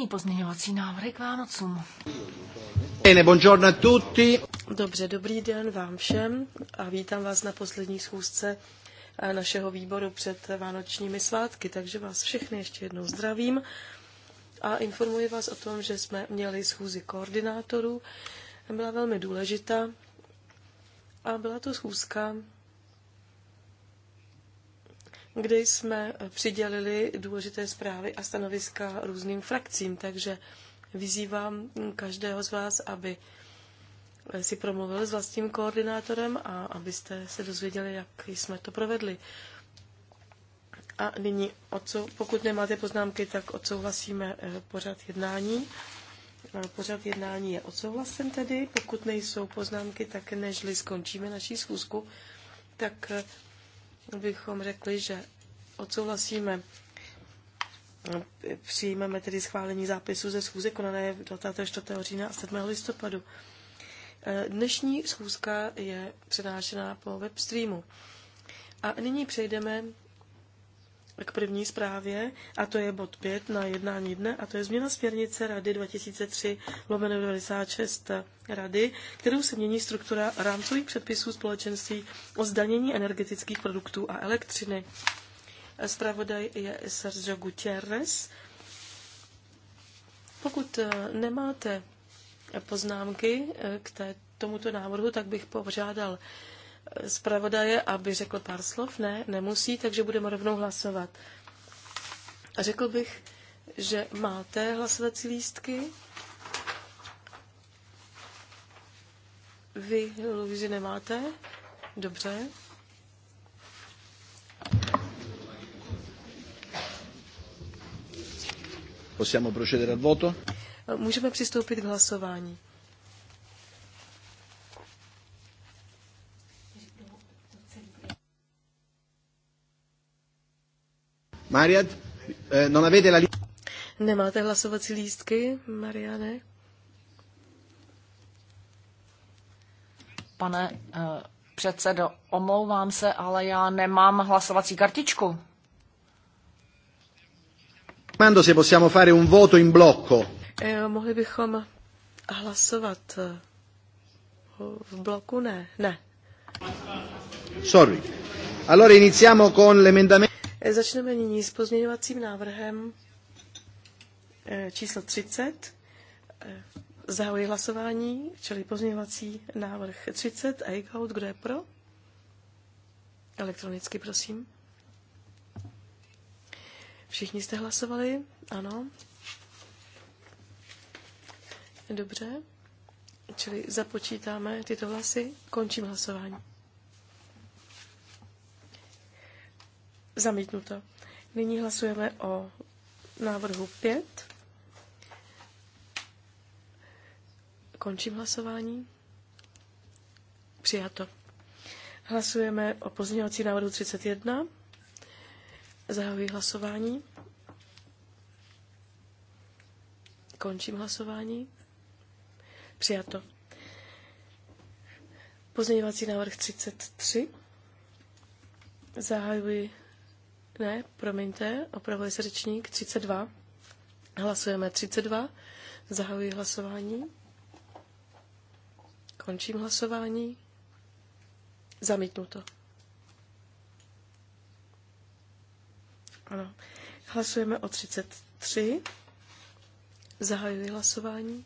ústní pozměňovací návrhy k Vánocům. buongiorno a tutti. Dobře, dobrý den vám všem a vítám vás na poslední schůzce eh, našeho výboru před vánočními svátky, takže vás všechny ještě jednou zdravím a informuji vás o tom, že jsme měli schůzi koordinátorů. Byla velmi důležitá a byla to schůzka, kde jsme přidělili důležité zprávy a stanoviska různým frakcím. Takže vyzývám každého z vás, aby si promluvil s vlastním koordinátorem a abyste se dozvěděli, jak jsme to provedli. A nyní, pokud nemáte poznámky, tak odsouhlasíme eh, pořad jednání. Eh, pořad jednání je odsouhlasen tedy. Pokud nejsou poznámky, tak nežli skončíme naší schůzku, tak eh, bychom řekli, že odsouhlasíme přijmeme tedy schválení zápisu ze schůze konané 24. října a 7. listopadu. E, dnešní schůzka je přenášená po webstreamu. A nyní přejdeme k první zprávě, a to je bod 5 na jednání dne, a to je změna směrnice Rady 2003 lomeno 96 Rady, kterou se mění struktura rámcových předpisů společenství o zdanění energetických produktů a elektřiny. Zpravodaj je Sergio Gutierrez. Pokud eh, nemáte poznámky eh, k tomuto návrhu, tak bych požádal zpravodaje, aby řekl pár slov. Ne, nemusí, takže budeme rovnou hlasovat. A řekl bych, že máte hlasovací lístky. Vy, Luizi, nemáte? Dobře. Possiamo procedere al voto? Můžeme přistoupit k hlasování. Mariad, eh, non avete la lista? Nemáte hlasovací lístky, Mariane? Pane uh, předsedo, omlouvám se, ale já nemám hlasovací kartičku. Mando se possiamo fare un voto in blocco. Eh, mohli bychom hlasovat eh, v bloku? Ne, ne. Sorry. Allora iniziamo con l'emendamento. Začneme nyní s pozměňovacím návrhem eh, číslo 30. Eh, zahajuji hlasování, čili pozměňovací návrh 30. Eichhout, kdo je pro? Elektronicky, prosím. Všichni jste hlasovali? Ano. Dobře. Čili započítáme tyto hlasy. Končím hlasování. Zamítnuto. Nyní hlasujeme o návrhu 5. Končím hlasování. Přijato. Hlasujeme o pozměňovací návrhu 31. Zahajuji hlasování. Končím hlasování. Přijato. Pozměňovací návrh 33. Zahajuji ne, promiňte, opravuje se řečník 32. Hlasujeme 32. Zahajuji hlasování. Končím hlasování. Zamítnuto. Ano. Hlasujeme o 33. Zahajuji hlasování.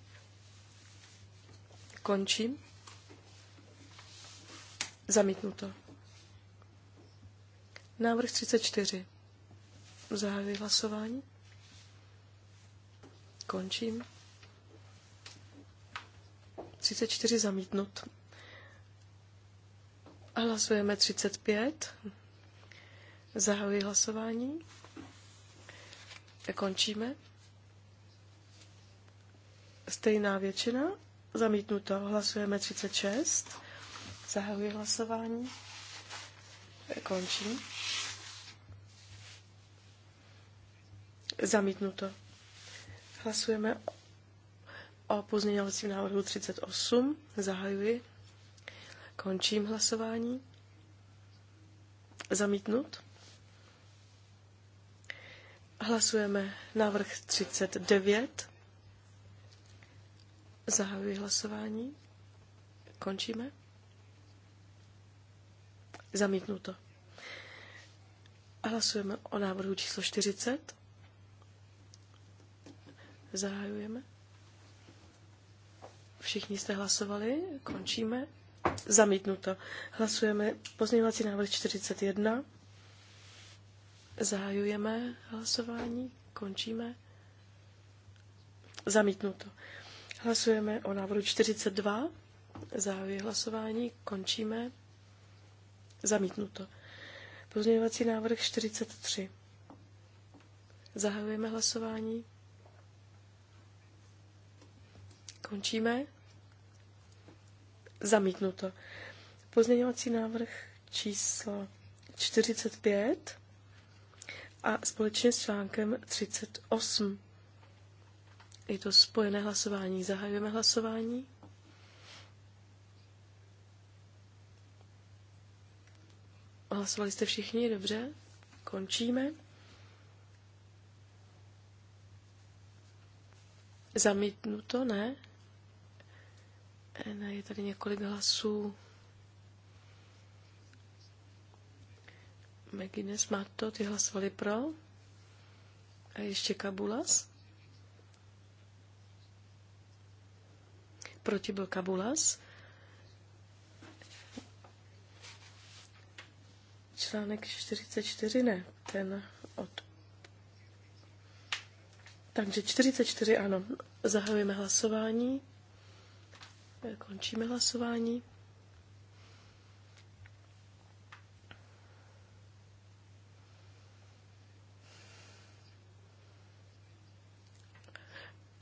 Končím. Zamítnuto. Návrh 34. Zahajuji hlasování. Končím. 34 zamítnut. Hlasujeme 35. Zahajuji hlasování. Končíme. Stejná většina. Zamítnuto. Hlasujeme 36. Zahajuji hlasování. Končím. Zamítnuto. Hlasujeme o pozměňovacím návrhu 38. Zahajuji. Končím hlasování. Zamítnut. Hlasujeme návrh 39. Zahajuji hlasování. Končíme. Zamítnuto. Hlasujeme o návrhu číslo 40. Zahajujeme. Všichni jste hlasovali, končíme. Zamítnuto. Hlasujeme pozměňovací návrh 41. Zahajujeme hlasování, končíme. Zamítnuto. Hlasujeme o návrhu 42. Zahajuje hlasování, končíme. Zamítnuto. Pozměňovací návrh 43. Zahajujeme hlasování, Končíme. Zamítnuto. Pozměňovací návrh číslo 45 a společně s článkem 38. Je to spojené hlasování. Zahajujeme hlasování. Hlasovali jste všichni? Dobře. Končíme. Zamítnuto? Ne. Je tady několik hlasů. Megines, Matto, ty hlasovali pro. A ještě Kabulas. Proti byl Kabulas. Článek 44 ne, ten od. Takže 44 ano. Zahajujeme hlasování. Končíme hlasování.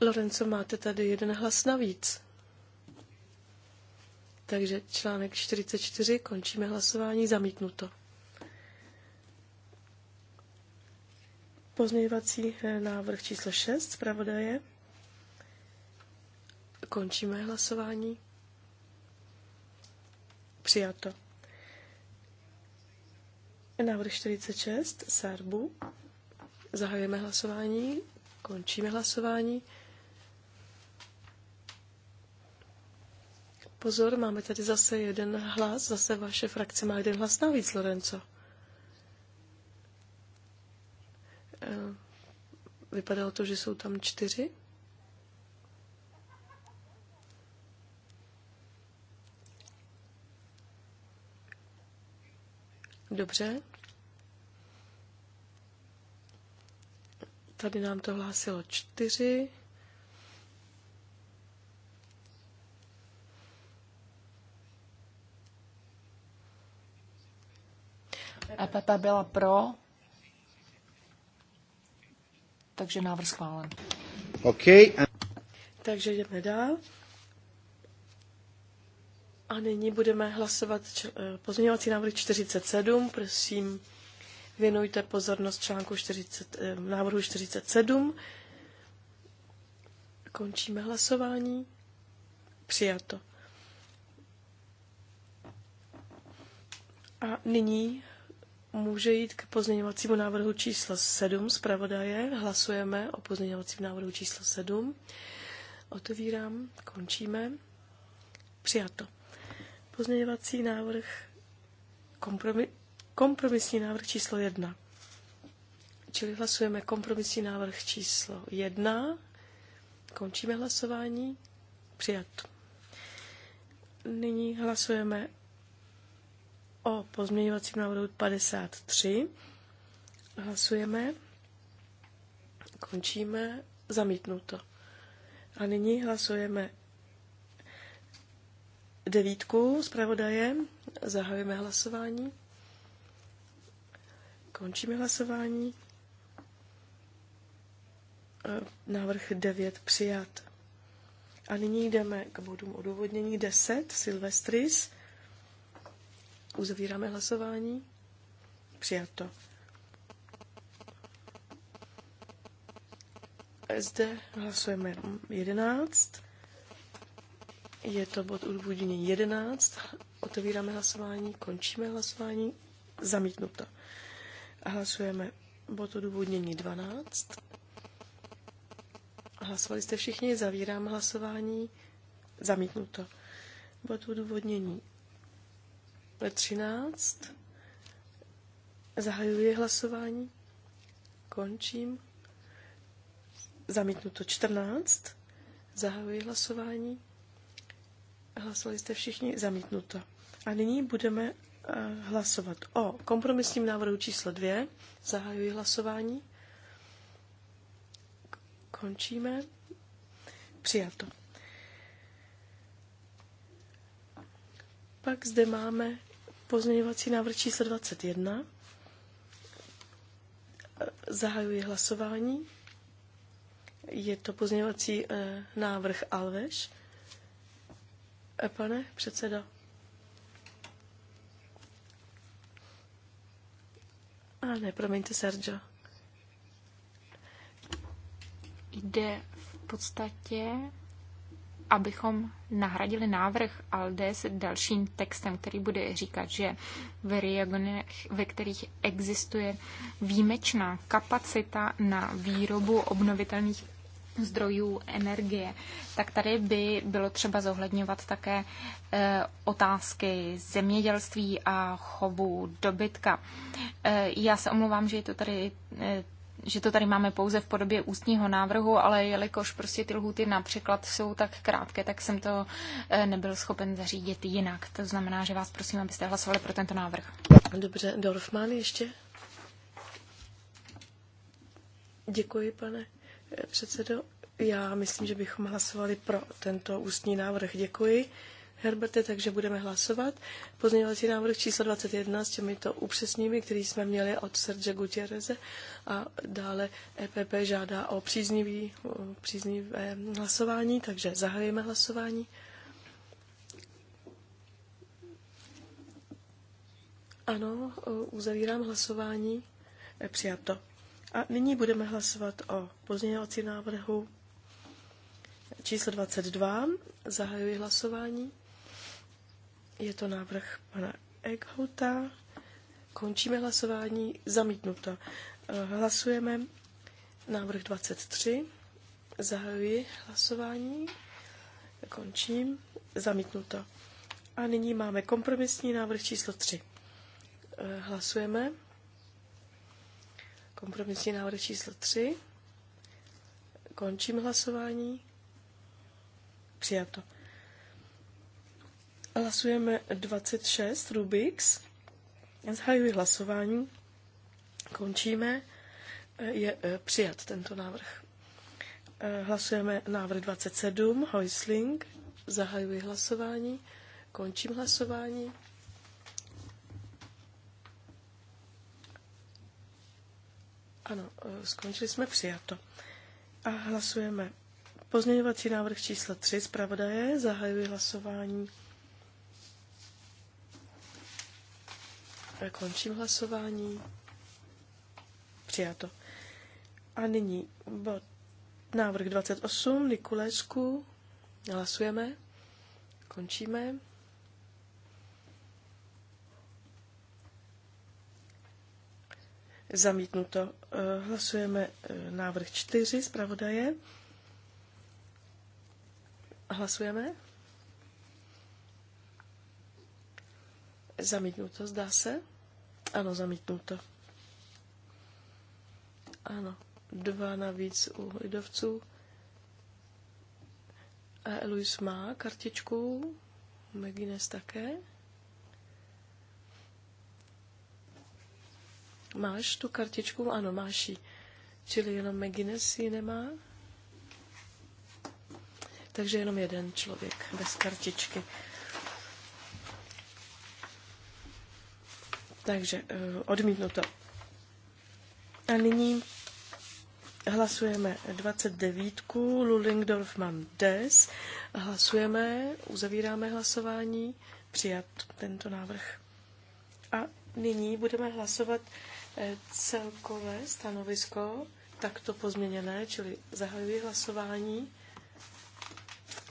Lorenzo, máte tady jeden hlas navíc. Takže článek 44, končíme hlasování, zamítnuto. Pozměňovací eh, návrh číslo 6 zpravodaje. Končíme hlasování. Přijato. Návrh 46, Serbu. Zahajujeme hlasování. Končíme hlasování. Pozor, máme tady zase jeden hlas, zase vaše frakce má jeden hlas navíc, Lorenzo. Eh, vypadalo to, že jsou tam čtyři. Dobře. Tady nám to hlásilo čtyři. A e Pepe byla pro, takže návrh schválen. OK. Takže jdeme dál. A nyní budeme hlasovat eh, pozměňovací návrh 47. Prosím, věnujte pozornost článku 40, eh, návrhu 47. Končíme hlasování. Přijato. A nyní může jít k pozměňovacímu návrhu číslo 7 zpravodaje. Hlasujeme o pozměňovacím návrhu číslo 7. Otevírám, končíme. Přijato. Pozměňovací návrh, kompromis, kompromisní návrh číslo jedna. Čili hlasujeme kompromisní návrh číslo jedna. Končíme hlasování. Přijat. Nyní hlasujeme o pozměňovacím návrhu 53. Hlasujeme. Končíme. Zamítnuto. A nyní hlasujeme devítku zpravodaje. Zahajujeme hlasování. Končíme hlasování. E, návrh 9 přijat. A nyní jdeme k bodům odůvodnění 10, Silvestris. Uzavíráme hlasování. Přijato. E, zde hlasujeme 11. Je to bod odůvodnění 11. Otevíráme hlasování, končíme hlasování, zamítnuto. A hlasujeme bod odůvodnění 12. Hlasovali jste všichni, zavírám hlasování, zamítnuto. Bod odůvodnění 13. Zahajuji hlasování, končím, zamítnuto 14. Zahajuji hlasování. Hlasovali jste všichni zamítnuto. A nyní budeme eh, hlasovat o kompromisním návrhu číslo dvě. Zahajuji hlasování. Končíme. Přijato. Pak zde máme pozměňovací návrh číslo 21. Eh, zahajuji hlasování. Je to pozměňovací eh, návrh Alveš. Eh, pane předsedo. A ne, promiňte, Sergio. Jde v podstatě, abychom nahradili návrh ALDE s dalším textem, který bude říkat, že v regionech, ve kterých existuje výjimečná kapacita na výrobu obnovitelných zdrojů energie, tak tady by bylo třeba zohledňovat také eh, otázky zemědělství a chovu dobytka. Eh, já se omlouvám, že je to tady eh, že to tady máme pouze v podobě ústního návrhu, ale jelikož prostě ty lhuty například jsou tak krátké, tak jsem to nebyl schopen zařídit jinak. To znamená, že vás prosím, abyste hlasovali pro tento návrh. Dobře, Dorfman ještě? Děkuji, pane předsedo. Já myslím, že bychom hlasovali pro tento ústní návrh. Děkuji. Herberte, takže budeme hlasovat. Pozměňovací návrh číslo 21 s těmito upřesními, který jsme měli od Serge Gutierreze a dále EPP žádá o příznivý, příznivé hlasování, takže zahajujeme hlasování. Ano, uzavírám hlasování. Přijato. A nyní budeme hlasovat o pozměňovací návrhu číslo 22. Zahajuji hlasování. Je to návrh pana Eckhouta. Končíme hlasování. Zamítnuto. Eh, hlasujeme návrh 23. Zahajuji hlasování. Končím. Zamítnuto. A nyní máme kompromisní návrh číslo 3. Eh, hlasujeme. Kompromisní návrh číslo 3. Končím hlasování. Přijato. Hlasujeme 26 Rubix. Zahajuji hlasování. Končíme. Je e, přijat tento návrh. E, hlasujeme návrh 27 Hoisling. Zahajuji hlasování. Končím hlasování. Ano, e, skončili jsme přijato. A hlasujeme. Pozměňovací návrh číslo 3 zpravodaje. Zahajuji hlasování. A e, končím hlasování. Přijato. A nyní bod návrh 28 Nikulésku. Hlasujeme. Končíme. Zamítnuto. Eh, hlasujeme eh, návrh čtyři. zpravodaje. Hlasujeme. Zamítnuto, zdá se. Ano, zamítnuto. Ano, dva navíc u lidovců. Eh, Luis má kartičku, Megines také. Máš tu kartičku? Ano, máš ji. Čili jenom McGuinness ji nemá. Takže jenom jeden člověk bez kartičky. Takže eh, odmítnuto. A nyní hlasujeme 29. Lulingdorf mám des. Hlasujeme, uzavíráme hlasování, přijat tento návrh. A nyní budeme hlasovat Eh, celkové stanovisko takto pozměněné, čili zahajuji hlasování.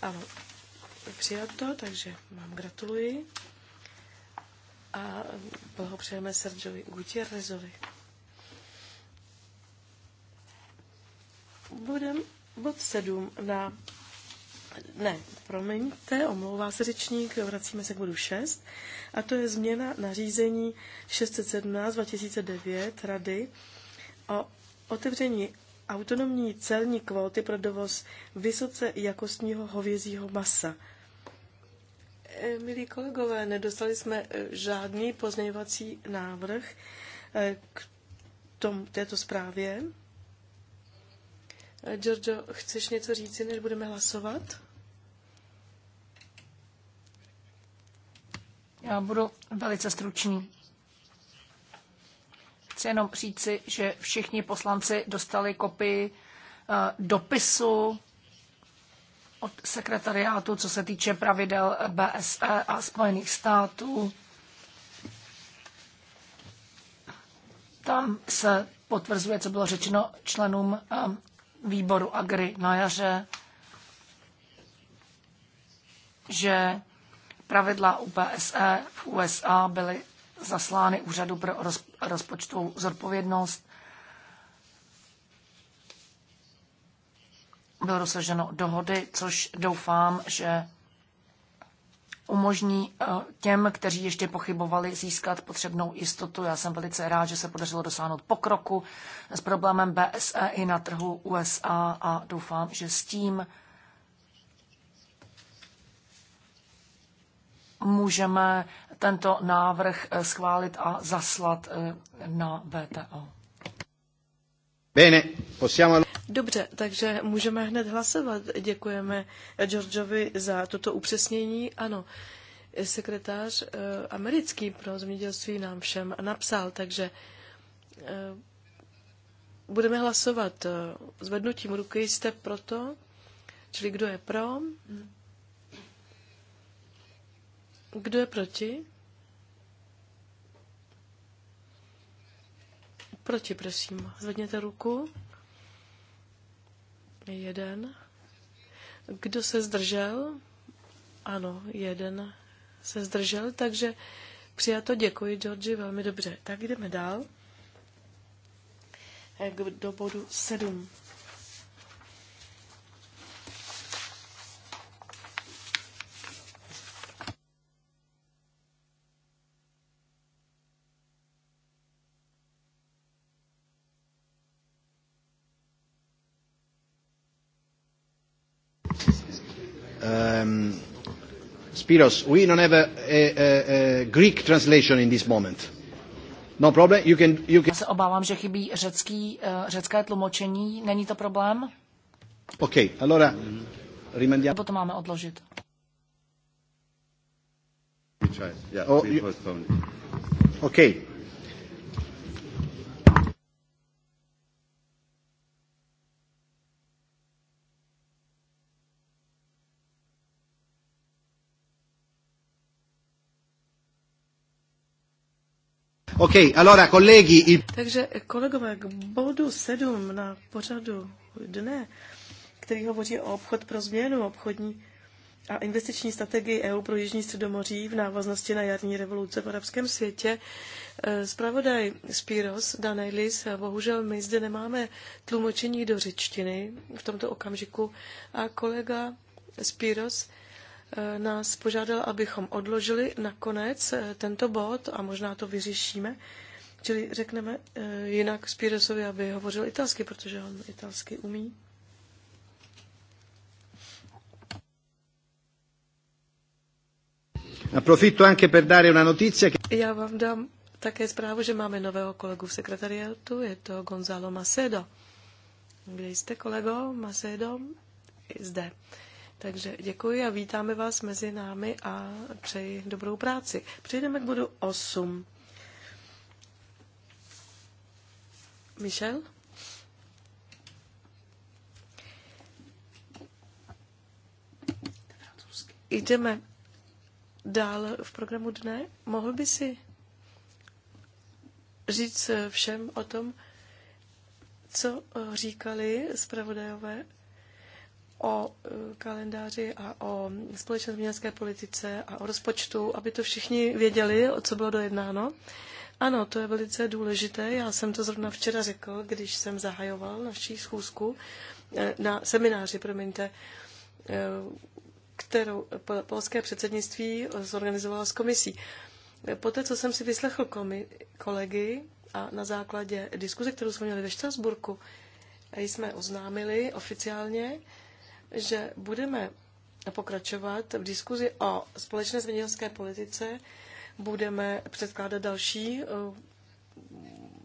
Ano, to, takže vám gratuluji. A blahopřejeme Sergiovi Gutierrezovi. Budem bod sedm na ne, promiňte, omlouvá se řečník, vracíme se k bodu 6, a to je změna nařízení 617 2009 Rady o otevření autonomní celní kvóty pro dovoz vysoce jakostního hovězího masa. E, milí kolegové, nedostali jsme e, žádný pozměňovací návrh e, k tom, této zprávě. Giorgio, chceš něco říci, než budeme hlasovat? Já budu velice stručný. Chci jenom říci, že všichni poslanci dostali kopii eh, dopisu od sekretariátu, co se týče pravidel BSE a Spojených států. Tam se potvrzuje, co bylo řečeno členům eh, výboru Agri na jaře, že pravidla UPSE v USA byly zaslány Úřadu pro rozpočtovou zodpovědnost. Bylo dosaženo dohody, což doufám, že umožní eh, těm, kteří ještě pochybovali, získat potřebnou jistotu. Já jsem velice rád, že se podařilo dosáhnout pokroku s problémem BSE i na trhu USA a doufám, že s tím můžeme tento návrh eh, schválit a zaslat eh, na VTO. Bene, possiamo... Dobře, takže můžeme hned hlasovat. Děkujeme Georgeovi za toto upřesnění. Ano, sekretář eh, americký pro zemědělství nám všem napsal, takže eh, budeme hlasovat eh, zvednutím ruky. Jste proto? Čili kdo je pro? Kdo je proti? Proti, prosím. Zvedněte ruku. Jeden. Kdo se zdržel? Ano, jeden se zdržel, takže přijato. Děkuji, Georgi, velmi dobře. Tak jdeme dál. do bodu sedm. Um, Spiros, we don't have a, a, a a Greek translation in this moment. No problem, you can, you can... Já se obávám, že chybí řecký, uh, řecké tlumočení. Není to problém? OK, allora rimandiamo... Nebo to máme odložit? Yeah, oh, you... OK, allora, colleghi, Takže kolegové, k bodu sedm na pořadu dne, který hovoří o obchod pro změnu, obchodní a investiční strategii EU pro Jižní středomoří v návaznosti na jarní revoluce v arabském světě. Spravodaj e, Spiros Danailis, bohužel my zde nemáme tlumočení do řečtiny v tomto okamžiku a kolega Spiros. Eh, nás požádal, abychom odložili nakonec eh, tento bod a možná to vyřešíme. Čili řekneme eh, jinak Spiresovi, aby hovořil italsky, protože on italsky umí. Approfitto anche per dare una notizia che... Já vám dám také zprávu, že máme nového kolegu v sekretariátu, je to Gonzalo Macedo. Kde jste, kolego Macedo? Zde. Takže děkuji a vítáme vás mezi námi a přeji dobrou práci. Přejdeme k bodu 8. Michel? Jdeme dál v programu dne. Mohl by si říct všem o tom, co říkali zpravodajové o e, kalendáři a o společné zemědělské politice a o rozpočtu, aby to všichni věděli, o co bylo dojednáno. Ano, to je velice důležité. Já jsem to zrovna včera řekl, když jsem zahajoval naší schůzku e, na semináři, promiňte, e, kterou polské předsednictví zorganizovalo s komisí. Poté, co jsem si vyslechl komi- kolegy a na základě diskuze, kterou jsme měli ve Štrasburku, jsme oznámili oficiálně, že budeme pokračovat v diskuzi o společné zemědělské politice, budeme předkládat další eh,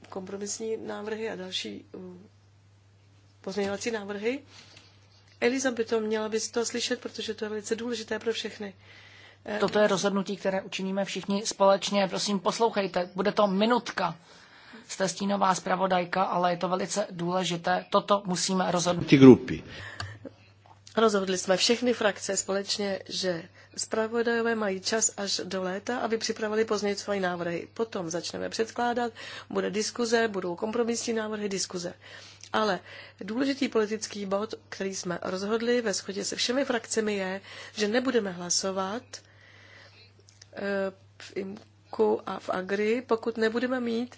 kompromisní návrhy a další eh, pozměňovací návrhy. Eliza by to měla by to slyšet, protože to je velice důležité pro všechny. Eh, Toto je rozhodnutí, které učiníme všichni společně. Prosím, poslouchejte, bude to minutka. Jste stínová zpravodajka, ale je to velice důležité. Toto musíme rozhodnout. Ty grupy. Rozhodli jsme všechny frakce společně, že zpravodajové mají čas až do léta, aby připravili později svoje návrhy. Potom začneme předkládat, bude diskuze, budou kompromisní návrhy, diskuze. Ale důležitý politický bod, který jsme rozhodli ve shodě se všemi frakcemi, je, že nebudeme hlasovat eh, v IMKU a v AGRI, pokud nebudeme mít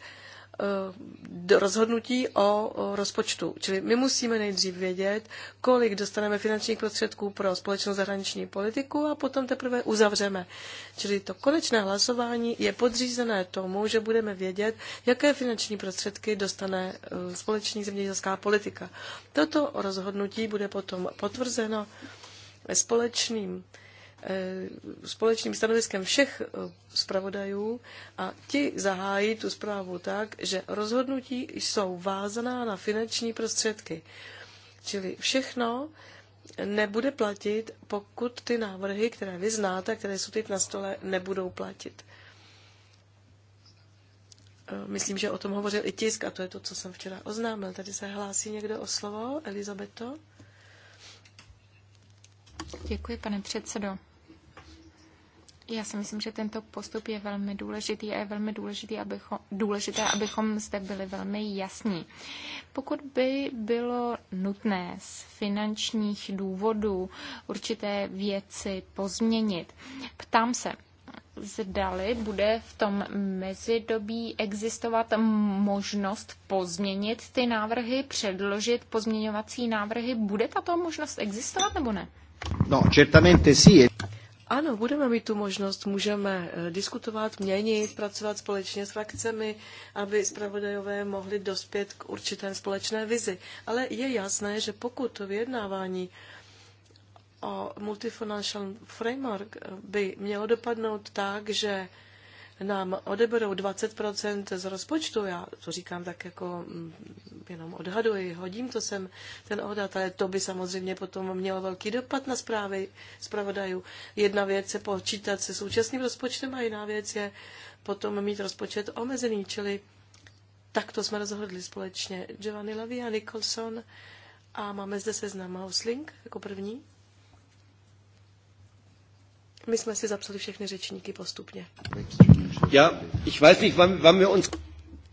Eh, rozhodnutí o rozpočtu. Čili my musíme nejdřív vědět, kolik dostaneme finančních prostředků pro společnou zahraniční politiku a potom teprve uzavřeme. Čili to konečné hlasování je podřízené tomu, že budeme vědět, jaké finanční prostředky dostane eh, společná zemědělská politika. Toto rozhodnutí bude potom potvrzeno společným Eh, společným stanoviskem všech eh, zpravodajů a ti zahájí tu zprávu tak, že rozhodnutí jsou vázaná na finanční prostředky. Čili všechno nebude platit, pokud ty návrhy, které vy znáte, které jsou teď na stole, nebudou platit. Eh, myslím, že o tom hovořil i tisk a to je to, co jsem včera oznámil. Tady se hlásí někdo o slovo? Elizabeto? Děkuji, pane předsedo. Já si myslím, že tento postup je velmi důležitý a je velmi důležitý, abychom, důležité, abychom zde byli velmi jasní. Pokud by bylo nutné z finančních důvodů určité věci pozměnit, ptám se, zdali bude v tom mezidobí existovat možnost pozměnit ty návrhy, předložit pozměňovací návrhy. Bude tato možnost existovat nebo ne? No, certamente sì. Ano, budeme mít tu možnost, můžeme eh, diskutovat, měnit, pracovat společně s frakcemi, aby zpravodajové mohli dospět k určité společné vizi. Ale je jasné, že pokud to vyjednávání o multifinancial framework eh, by mělo dopadnout tak, že nám odeberou 20% z rozpočtu, já to říkám tak jako mm, jenom odhaduji, hodím to sem ten odhad, ale to by samozřejmě potom mělo velký dopad na zprávy zpravodajů. Jedna věc je počítat se současným rozpočtem a jiná věc je potom mít rozpočet omezený, čili to jsme rozhodli společně Giovanni Lavia Nicholson a máme zde seznam Hosling jako první. My jsme si zapsali všechny řečníky postupně. Já, ich weiß nicht, wann, wann wir uns...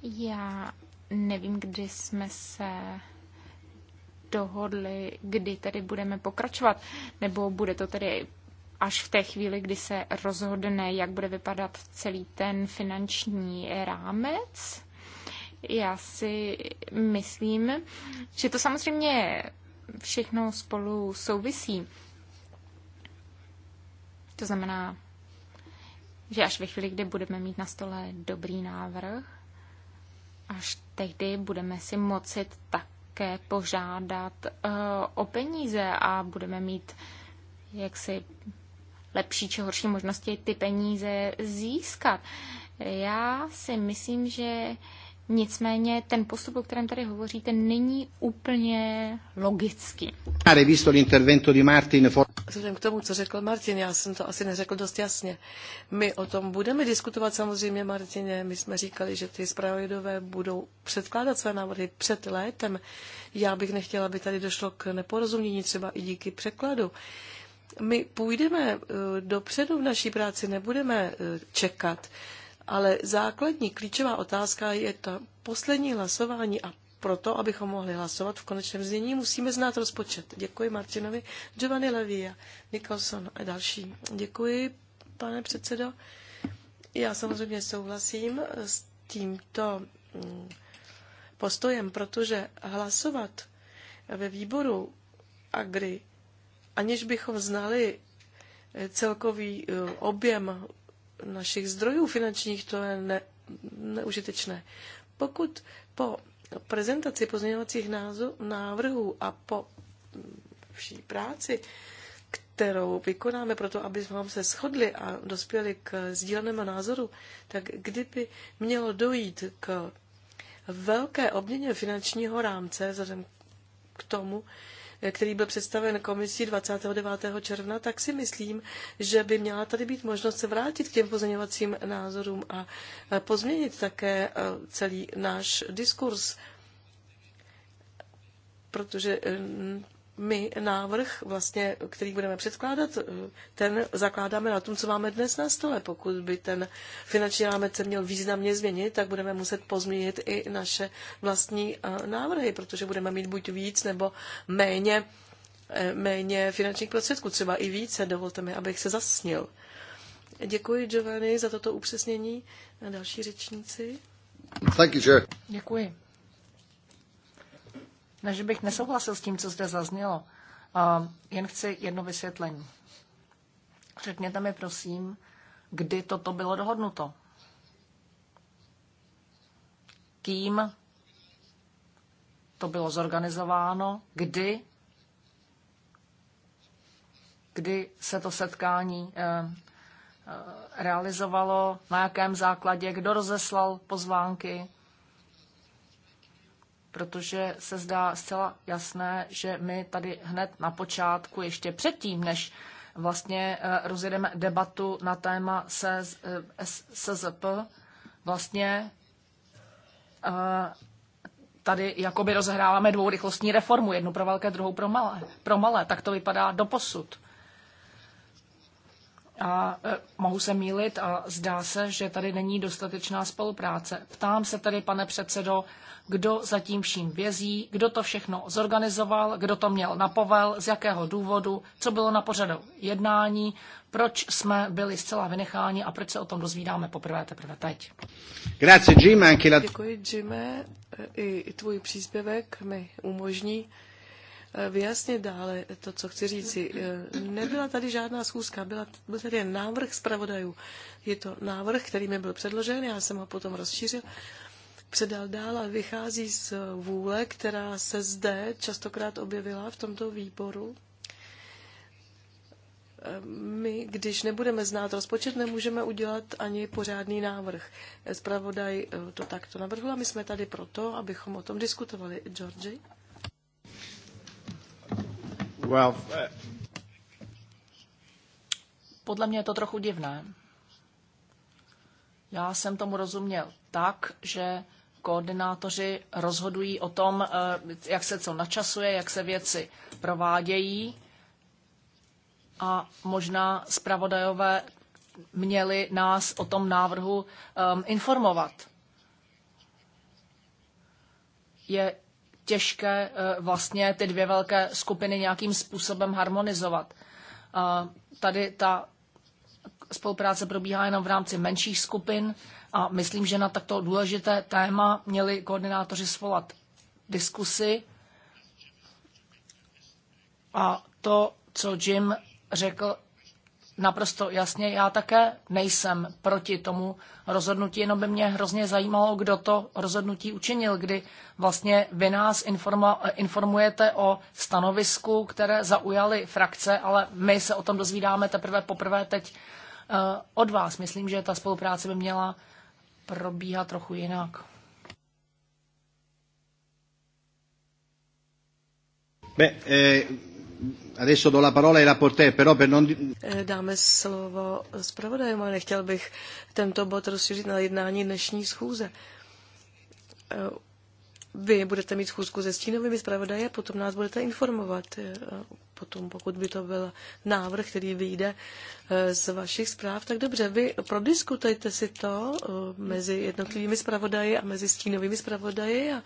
Já nevím, kdy jsme se dohodli, kdy tedy budeme pokračovat, nebo bude to tedy až v té chvíli, kdy se rozhodne, jak bude vypadat celý ten finanční rámec. Já si myslím, že to samozřejmě všechno spolu souvisí. To znamená, že až ve chvíli, kdy budeme mít na stole dobrý návrh, až tehdy budeme si moci také požádat uh, o peníze a budeme mít jaksi lepší či horší možnosti ty peníze získat. Já si myslím, že Nicméně ten postup, o kterém tady hovoříte, není úplně logický. Vzhledem k tomu, co řekl Martin, já jsem to asi neřekl dost jasně. My o tom budeme diskutovat samozřejmě, Martině. My jsme říkali, že ty zpravodajové budou předkládat své návrhy před létem. Já bych nechtěla, aby tady došlo k neporozumění třeba i díky překladu. My půjdeme eh, dopředu v naší práci, nebudeme eh, čekat. Ale základní klíčová otázka je to poslední hlasování a proto, abychom mohli hlasovat v konečném znění, musíme znát rozpočet. Děkuji Martinovi, Giovanni Levia, Nicholson a další. Děkuji, pane předsedo. Já samozřejmě souhlasím s tímto mm, postojem, protože hlasovat ve výboru Agri, aniž bychom znali eh, celkový eh, objem našich zdrojů finančních, to je ne, neužitečné. Pokud po prezentaci pozměňovacích návrhů a po vší práci, kterou vykonáme proto, aby vám se shodli a dospěli k sdílenému názoru, tak kdyby mělo dojít k velké obměně finančního rámce, vzhledem k tomu, který byl představen komisí 29. června, tak si myslím, že by měla tady být možnost se vrátit k těm pozměňovacím názorům a e, pozměnit také e, celý náš diskurs protože my návrh, vlastně, který budeme předkládat, eh, ten zakládáme na tom, co máme dnes na stole. Pokud by ten finanční rámec se měl významně změnit, tak budeme muset pozměnit i naše vlastní eh, návrhy, protože budeme mít buď víc nebo méně, eh, méně finančních prostředků, třeba i více. Dovolte mi, abych se zasnil. Děkuji, Giovanni, za toto upřesnění. Další řečníci. Thank you, Děkuji. Ne, že bych nesouhlasil s tím, co zde zaznělo. Uh, jen chci jedno vysvětlení. Řekněte mi, prosím, kdy toto bylo dohodnuto. Kým to bylo zorganizováno, kdy, kdy se to setkání eh, eh, realizovalo, na jakém základě, kdo rozeslal pozvánky, protože se zdá zcela jasné, že my tady hned na počátku, ještě předtím, než vlastně eh, rozjedeme debatu na téma SZP, eh, vlastně eh, tady jakoby rozehráváme dvourychlostní reformu, jednu pro velké, druhou pro malé. Pro malé, tak to vypadá do posud a e, mohu se mýlit a zdá se, že tady není dostatečná spolupráce. Ptám se tedy, pane předsedo, kdo tím vším vězí, kdo to všechno zorganizoval, kdo to měl na povel, z jakého důvodu, co bylo na pořadu jednání, proč jsme byli zcela vynecháni a proč se o tom dozvídáme poprvé teprve teď. Grazie, Jim, la... Děkuji, Jim. I, e, I tvůj příspěvek mi umožní vyjasnit dále to, co chci říci. E, nebyla tady žádná schůzka, byla, byl tady jen návrh zpravodajů. Je to návrh, který mi byl předložen, já jsem ho potom rozšířil, předal dál a vychází z vůle, která se zde častokrát objevila v tomto výboru, e, my, když nebudeme znát rozpočet, nemůžeme udělat ani pořádný návrh. Zpravodaj e, to takto navrhl a my jsme tady proto, abychom o tom diskutovali. Georgi? Podle mě je to trochu divné. Já jsem tomu rozuměl tak, že koordinátoři rozhodují o tom, eh, jak se co načasuje, jak se věci provádějí a možná zpravodajové měli nás o tom návrhu um, informovat. Je těžké eh, vlastně ty dvě velké skupiny nějakým způsobem harmonizovat. Eh, tady ta spolupráce probíhá jenom v rámci menších skupin a myslím, že na takto důležité téma měli koordinátoři svolat diskusy a to, co Jim řekl, naprosto jasně, já také nejsem proti tomu rozhodnutí, jenom by mě hrozně zajímalo, kdo to rozhodnutí učinil, kdy vlastně vy nás informujete o stanovisku, které zaujaly frakce, ale my se o tom dozvídáme teprve poprvé teď eh, od vás. Myslím, že ta spolupráce by měla probíhat trochu jinak. My, eh, adesso do la parola ai rapporteur, però per non... Eh, dáme slovo zpravodajům, ale nechtěl bych tento bod rozšířit na jednání dnešní schůze. Eh, vy budete mít schůzku se stínovými zpravodaje, potom nás budete informovat. Eh, potom, pokud by to byl návrh, který vyjde z vašich zpráv, tak dobře, vy prodiskutujte si to mezi jednotlivými zpravodaji a mezi stínovými zpravodaji a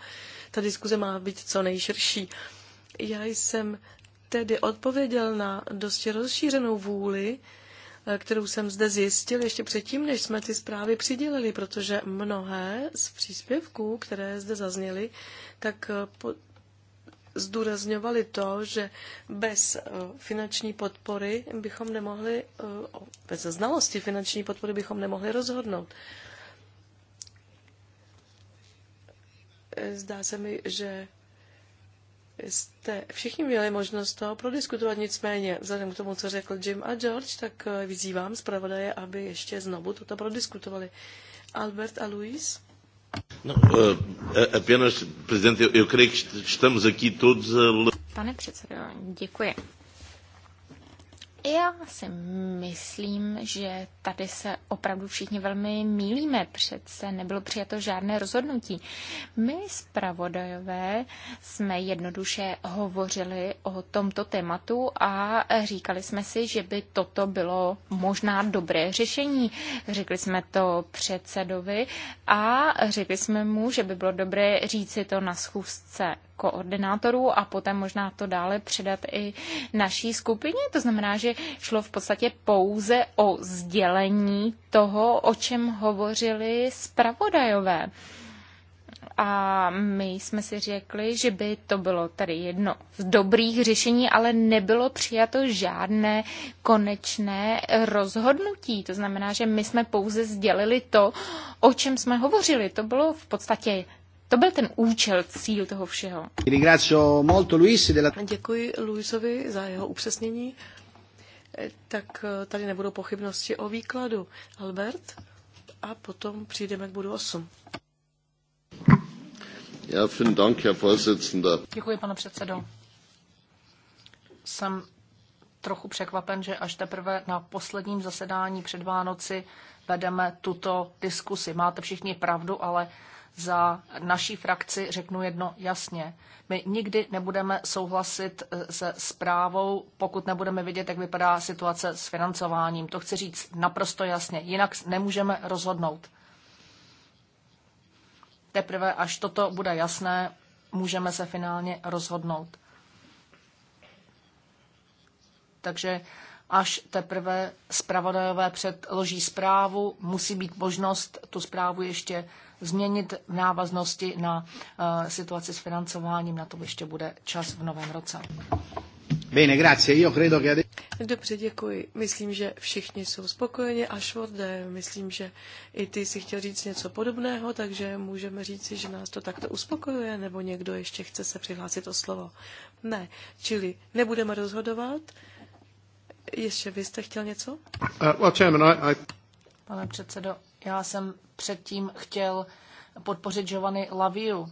ta diskuze má být co nejširší. Já jsem tedy odpověděl na dosti rozšířenou vůli, eh, kterou jsem zde zjistil ještě předtím, než jsme ty zprávy přidělili, protože mnohé z příspěvků, které zde zazněly, tak eh, po, zdůrazňovali to, že bez eh, finanční podpory bychom nemohli, bez znalosti finanční podpory bychom nemohli rozhodnout. Zdá se mi, že jste všichni měli možnost to prodiskutovat, nicméně vzhledem k tomu, co řekl Jim a George, tak eh, vyzývám zpravodaje, aby ještě znovu toto prodiskutovali. Albert a Luis? No, apenas, prezident, eu creio que estamos aqui todos... Pane předsedo, děkuji. Já si myslím, že tady se opravdu všichni velmi mílíme. Přece nebylo přijato žádné rozhodnutí. My, zpravodajové, jsme jednoduše hovořili o tomto tématu a říkali jsme si, že by toto bylo možná dobré řešení. Řekli jsme to předsedovi a řekli jsme mu, že by bylo dobré říci to na schůzce koordinátorů a poté možná to dále předat i naší skupině. To znamená, že šlo v podstatě pouze o sdělení toho, o čem hovořili zpravodajové. A my jsme si řekli, že by to bylo tady jedno z dobrých řešení, ale nebylo přijato žádné konečné rozhodnutí. To znamená, že my jsme pouze sdělili to, o čem jsme hovořili. To bylo v podstatě to byl ten účel, cíl toho všeho. Děkuji Luisovi za jeho upřesnění. Eh, tak eh, tady nebudou pochybnosti o výkladu. Albert? A potom přijdeme k bodu 8. Děkuji, pane předsedo. Jsem trochu překvapen, že až teprve na posledním zasedání před Vánoci vedeme tuto diskusi. Máte všichni pravdu, ale za naší frakci řeknu jedno jasně. My nikdy nebudeme souhlasit eh, se zprávou, pokud nebudeme vidět, jak vypadá situace s financováním. To chci říct naprosto jasně, jinak nemůžeme rozhodnout. Teprve až toto bude jasné, můžeme se finálně rozhodnout. Takže až teprve zpravodajové předloží zprávu, musí být možnost tu zprávu ještě změnit v návaznosti na eh, situaci s financováním. Na to ještě bude čas v novém roce. Bene, grazie. Io credo che adesso... Dobře, děkuji. Myslím, že všichni jsou spokojeni a švorde. Myslím, že i ty si chtěl říct něco podobného, takže můžeme říci, že nás to takto uspokojuje, nebo někdo ještě chce se přihlásit o slovo. Ne, čili nebudeme rozhodovat. Ještě vy jste chtěl něco? Uh, well, chairman, I, I... Pane předsedo, já jsem předtím chtěl podpořit Giovanni Laviu.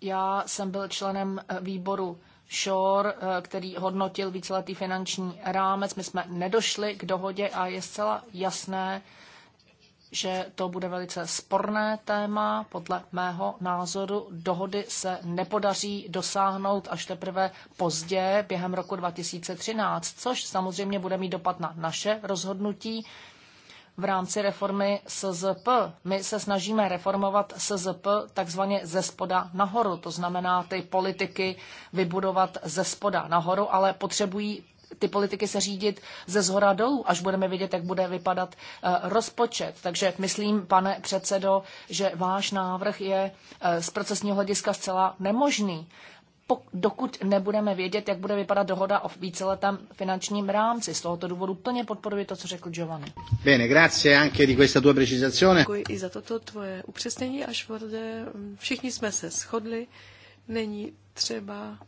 Já jsem byl členem eh, výboru Shore, eh, který hodnotil víceletý finanční rámec. My jsme nedošli k dohodě a je zcela jasné, že to bude velice sporné téma. Podle mého názoru dohody se nepodaří dosáhnout až teprve pozdě během roku 2013, což samozřejmě bude mít dopad na naše rozhodnutí, v rámci reformy SZP. My se snažíme reformovat SZP takzvaně ze spoda nahoru, to znamená ty politiky vybudovat ze spoda nahoru, ale potřebují ty politiky se řídit ze zhora dolů, až budeme vidět, jak bude vypadat eh, rozpočet. Takže myslím, pane předsedo, že váš návrh je eh, z procesního hlediska zcela nemožný dokud nebudeme vědět, jak bude vypadat dohoda o víceletém finančním rámci. Z tohoto důvodu plně podporuji to, co řekl Giovanni. Bene, grazie anche di questa tua precisazione. Děkuji i za toto tvoje upřesnění, až vode, všichni jsme se shodli, není třeba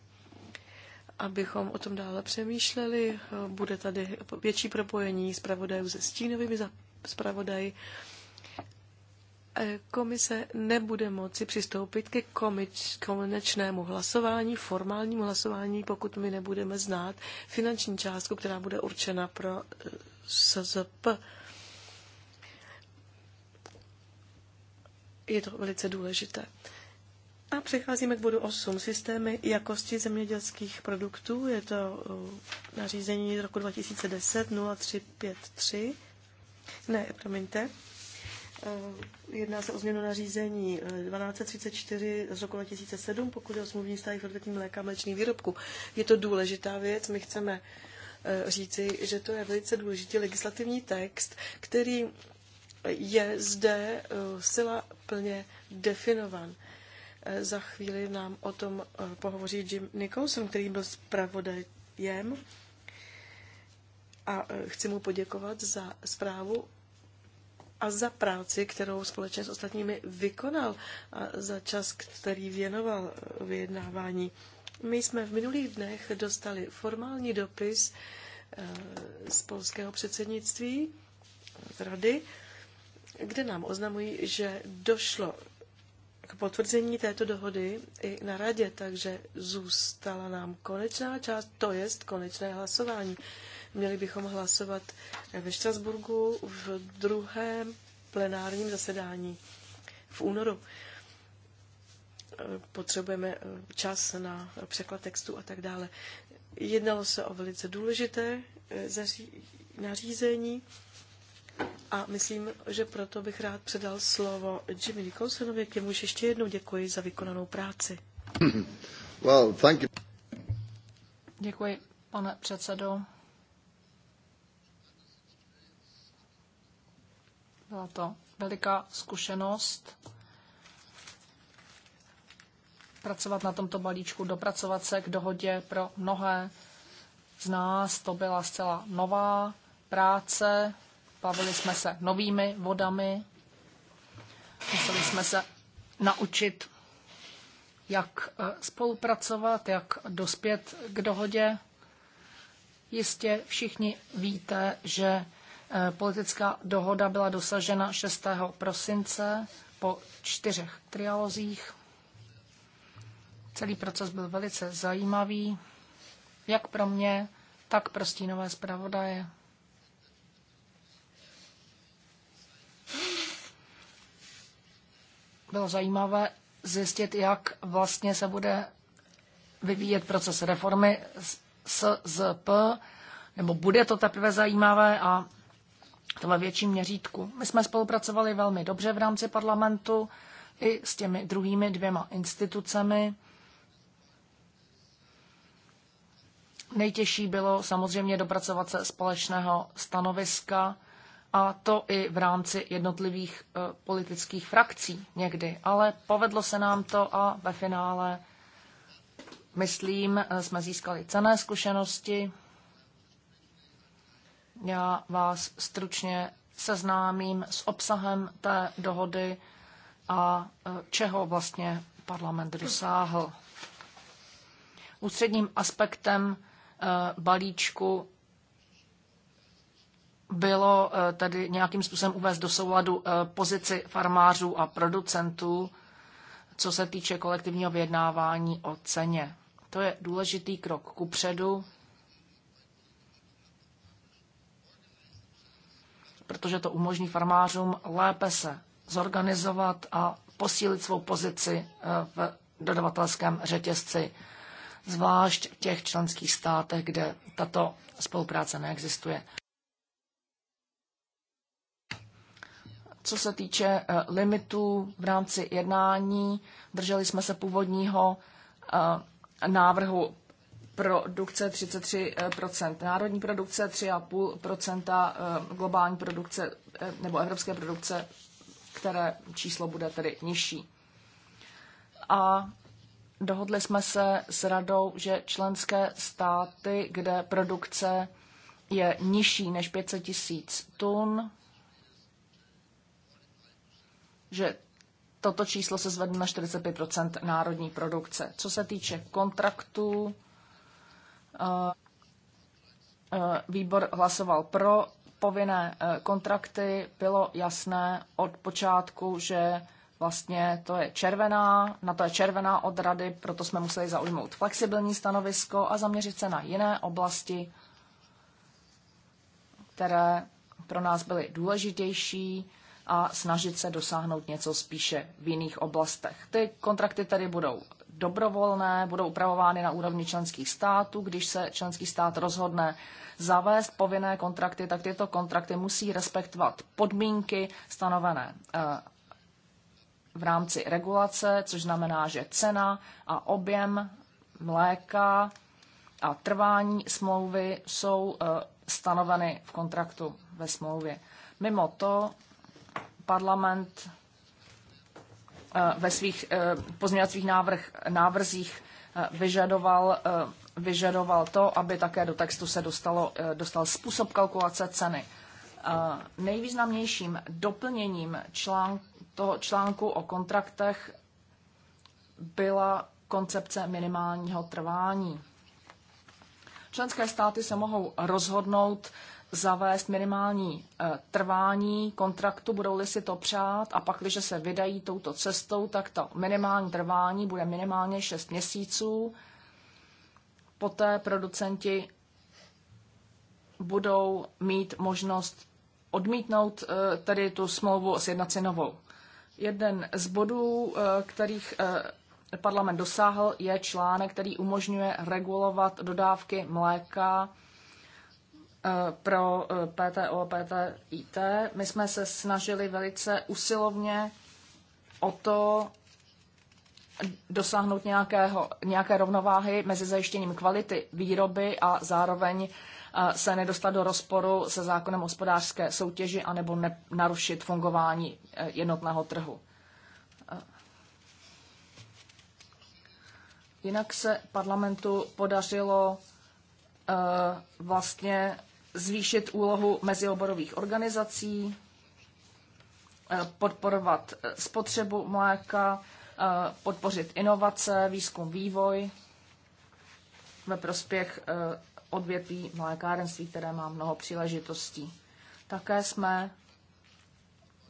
abychom o tom dále přemýšleli. Bude tady větší propojení zpravodajů se stínovými zpravodaji. Za komise nebude moci přistoupit ke konečnému hlasování, formálnímu hlasování, pokud my nebudeme znát finanční částku, která bude určena pro eh, SZP. Je to velice důležité. A přecházíme k bodu 8. Systémy jakosti zemědělských produktů. Je to eh, nařízení z roku 2010 0353. Ne, promiňte. Eh, jedná se o změnu nařízení 1234 eh, z roku 2007, pokud je o smluvní vztahy v odvětví mléka a mléčných výrobků. Je to důležitá věc, my chceme eh, říci, že to je velice důležitý legislativní text, který je zde zcela plně definovan. Za chvíli nám o tom pohovoří Jim Nicholson, který byl zpravodajem a chci mu poděkovat za zprávu a za práci, kterou společně s ostatními vykonal a za čas, který věnoval vyjednávání. My jsme v minulých dnech dostali formální dopis eh, z polského předsednictví rady, kde nám oznamují, že došlo k potvrzení této dohody i na radě, takže zůstala nám konečná část, to jest konečné hlasování. Měli bychom hlasovat ve Štrasburgu v druhém plenárním zasedání v únoru. Potřebujeme eh, čas na překlad textu a tak dále. Jednalo se o velice důležité eh, nařízení a myslím, že proto bych rád předal slovo Jimmy Nicholsonovi, k němuž ještě jednou děkuji za vykonanou práci. Well, thank you. Děkuji, pane předsedo. Byla to veliká zkušenost pracovat na tomto balíčku, dopracovat se k dohodě pro mnohé z nás. To byla zcela nová práce, bavili jsme se novými vodami, museli jsme se naučit, jak eh, spolupracovat, jak dospět k dohodě. Jistě všichni víte, že Eh, politická dohoda byla dosažena 6. prosince po čtyřech trialozích. Celý proces byl velice zajímavý, jak pro mě, tak pro stínové zpravodaje. Bylo zajímavé zjistit, jak vlastně se bude vyvíjet proces reformy SZP, nebo bude to teprve zajímavé a to ve větším měřítku. My jsme spolupracovali velmi dobře v rámci parlamentu i s těmi druhými dvěma institucemi. Nejtěžší bylo samozřejmě dopracovat se společného stanoviska, a to i v rámci jednotlivých eh, politických frakcí někdy. Ale povedlo se nám to a ve finále, myslím, eh, jsme získali cené zkušenosti. Já vás stručně seznámím s obsahem té dohody a e, čeho vlastně parlament dosáhl. Ústředním aspektem e, balíčku bylo e, tedy nějakým způsobem uvést do souladu pozici farmářů a producentů, co se týče kolektivního vyjednávání o ceně. To je důležitý krok ku předu protože to umožní farmářům lépe se zorganizovat a posílit svou pozici eh, v dodavatelském řetězci, zvlášť v těch členských státech, kde tato spolupráce neexistuje. Co se týče eh, limitů v rámci jednání, drželi jsme se původního eh, návrhu produkce 33%, eh, národní produkce 3,5%, eh, globální produkce eh, nebo evropské produkce, které číslo bude tedy nižší. A dohodli jsme se s radou, že členské státy, kde produkce je nižší než 500 tisíc tun, že toto číslo se zvedne na 45 národní produkce. Co se týče kontraktů, Eh, eh, výbor hlasoval pro povinné eh, kontrakty. Bylo jasné od počátku, že vlastně to je červená, na to je červená od rady, proto jsme museli zaujmout flexibilní stanovisko a zaměřit se na jiné oblasti, které pro nás byly důležitější a snažit se dosáhnout něco spíše v jiných oblastech. Ty kontrakty tedy budou dobrovolné, budou upravovány na úrovni členských států. Když se členský stát rozhodne zavést povinné kontrakty, tak tyto kontrakty musí respektovat podmínky stanovené eh, v rámci regulace, což znamená, že cena a objem mléka a trvání smlouvy jsou eh, stanoveny v kontraktu ve smlouvě. Mimo to parlament Eh, ve svých eh, pozměňovacích návrh, návrzích eh, vyžadoval, vyžadoval to, aby také do textu se dostalo, dostal způsob kalkulace ceny. Nejvýznamnějším doplněním člán, toho článku o kontraktech byla koncepce minimálního trvání. Členské státy se mohou rozhodnout zavést minimální eh, trvání kontraktu, budou-li si to přát a pak, když se vydají touto cestou, tak to minimální trvání bude minimálně 6 měsíců. Poté producenti budou mít možnost odmítnout eh, tedy tu smlouvu s jednacinovou. Jeden z bodů, eh, kterých parlament dosáhl, je článek, který umožňuje regulovat dodávky mléka Eh, pro eh, PTO a PTIT. My jsme se snažili velice usilovně o to dosáhnout nějakého, nějaké rovnováhy mezi zajištěním kvality výroby a zároveň eh, se nedostat do rozporu se zákonem hospodářské soutěži anebo ne, narušit fungování jednotného trhu. Jinak se parlamentu podařilo vlastně zvýšit úlohu mezioborových organizací, eh, podporovat eh, spotřebu mléka, eh, podpořit inovace, výzkum, vývoj ve prospěch odvětví mlékárenství, které má mnoho příležitostí. Také jsme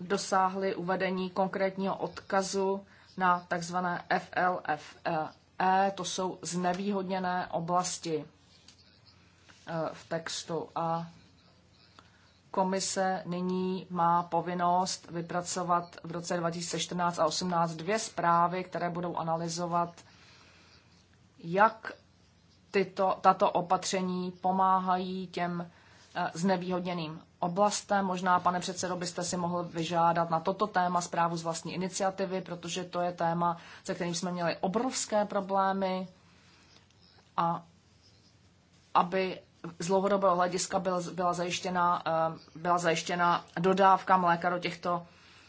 dosáhli uvedení konkrétního odkazu na tzv. FLFE, to jsou znevýhodněné oblasti Eh, v textu a komise nyní má povinnost vypracovat v roce 2014 a 2018 dvě zprávy, které budou analyzovat, jak tyto, tato opatření pomáhají těm eh, znevýhodněným oblastem. Možná, pane předsedo, byste si mohl vyžádat na toto téma zprávu z vlastní iniciativy, protože to je téma, se kterým jsme měli obrovské problémy a aby z dlouhodobého hlediska byl, byla, zajištěna, eh, byla zajištěna dodávka mléka do těchto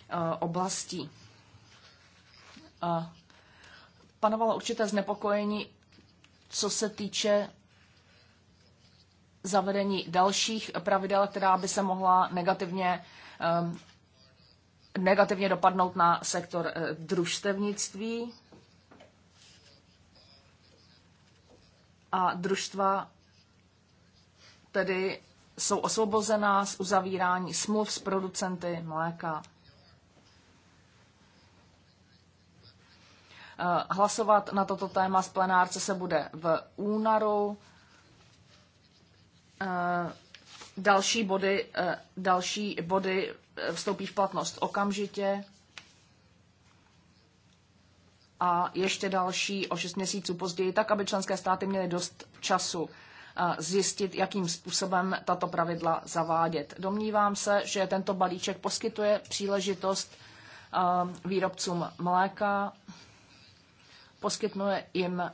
eh, oblastí. Eh, panovalo určité znepokojení, co se týče zavedení dalších pravidel, která by se mohla negativně, negativně dopadnout na sektor družstevnictví. A družstva tedy jsou osvobozená z uzavírání smluv s producenty mléka. Eh, hlasovat na toto téma z plenárce se bude v únoru. Eh, další body, eh, další body vstoupí v platnost okamžitě a ještě další o 6 měsíců později, tak aby členské státy měly dost času zjistit, jakým způsobem tato pravidla zavádět. Domnívám se, že tento balíček poskytuje příležitost výrobcům mléka, poskytnuje jim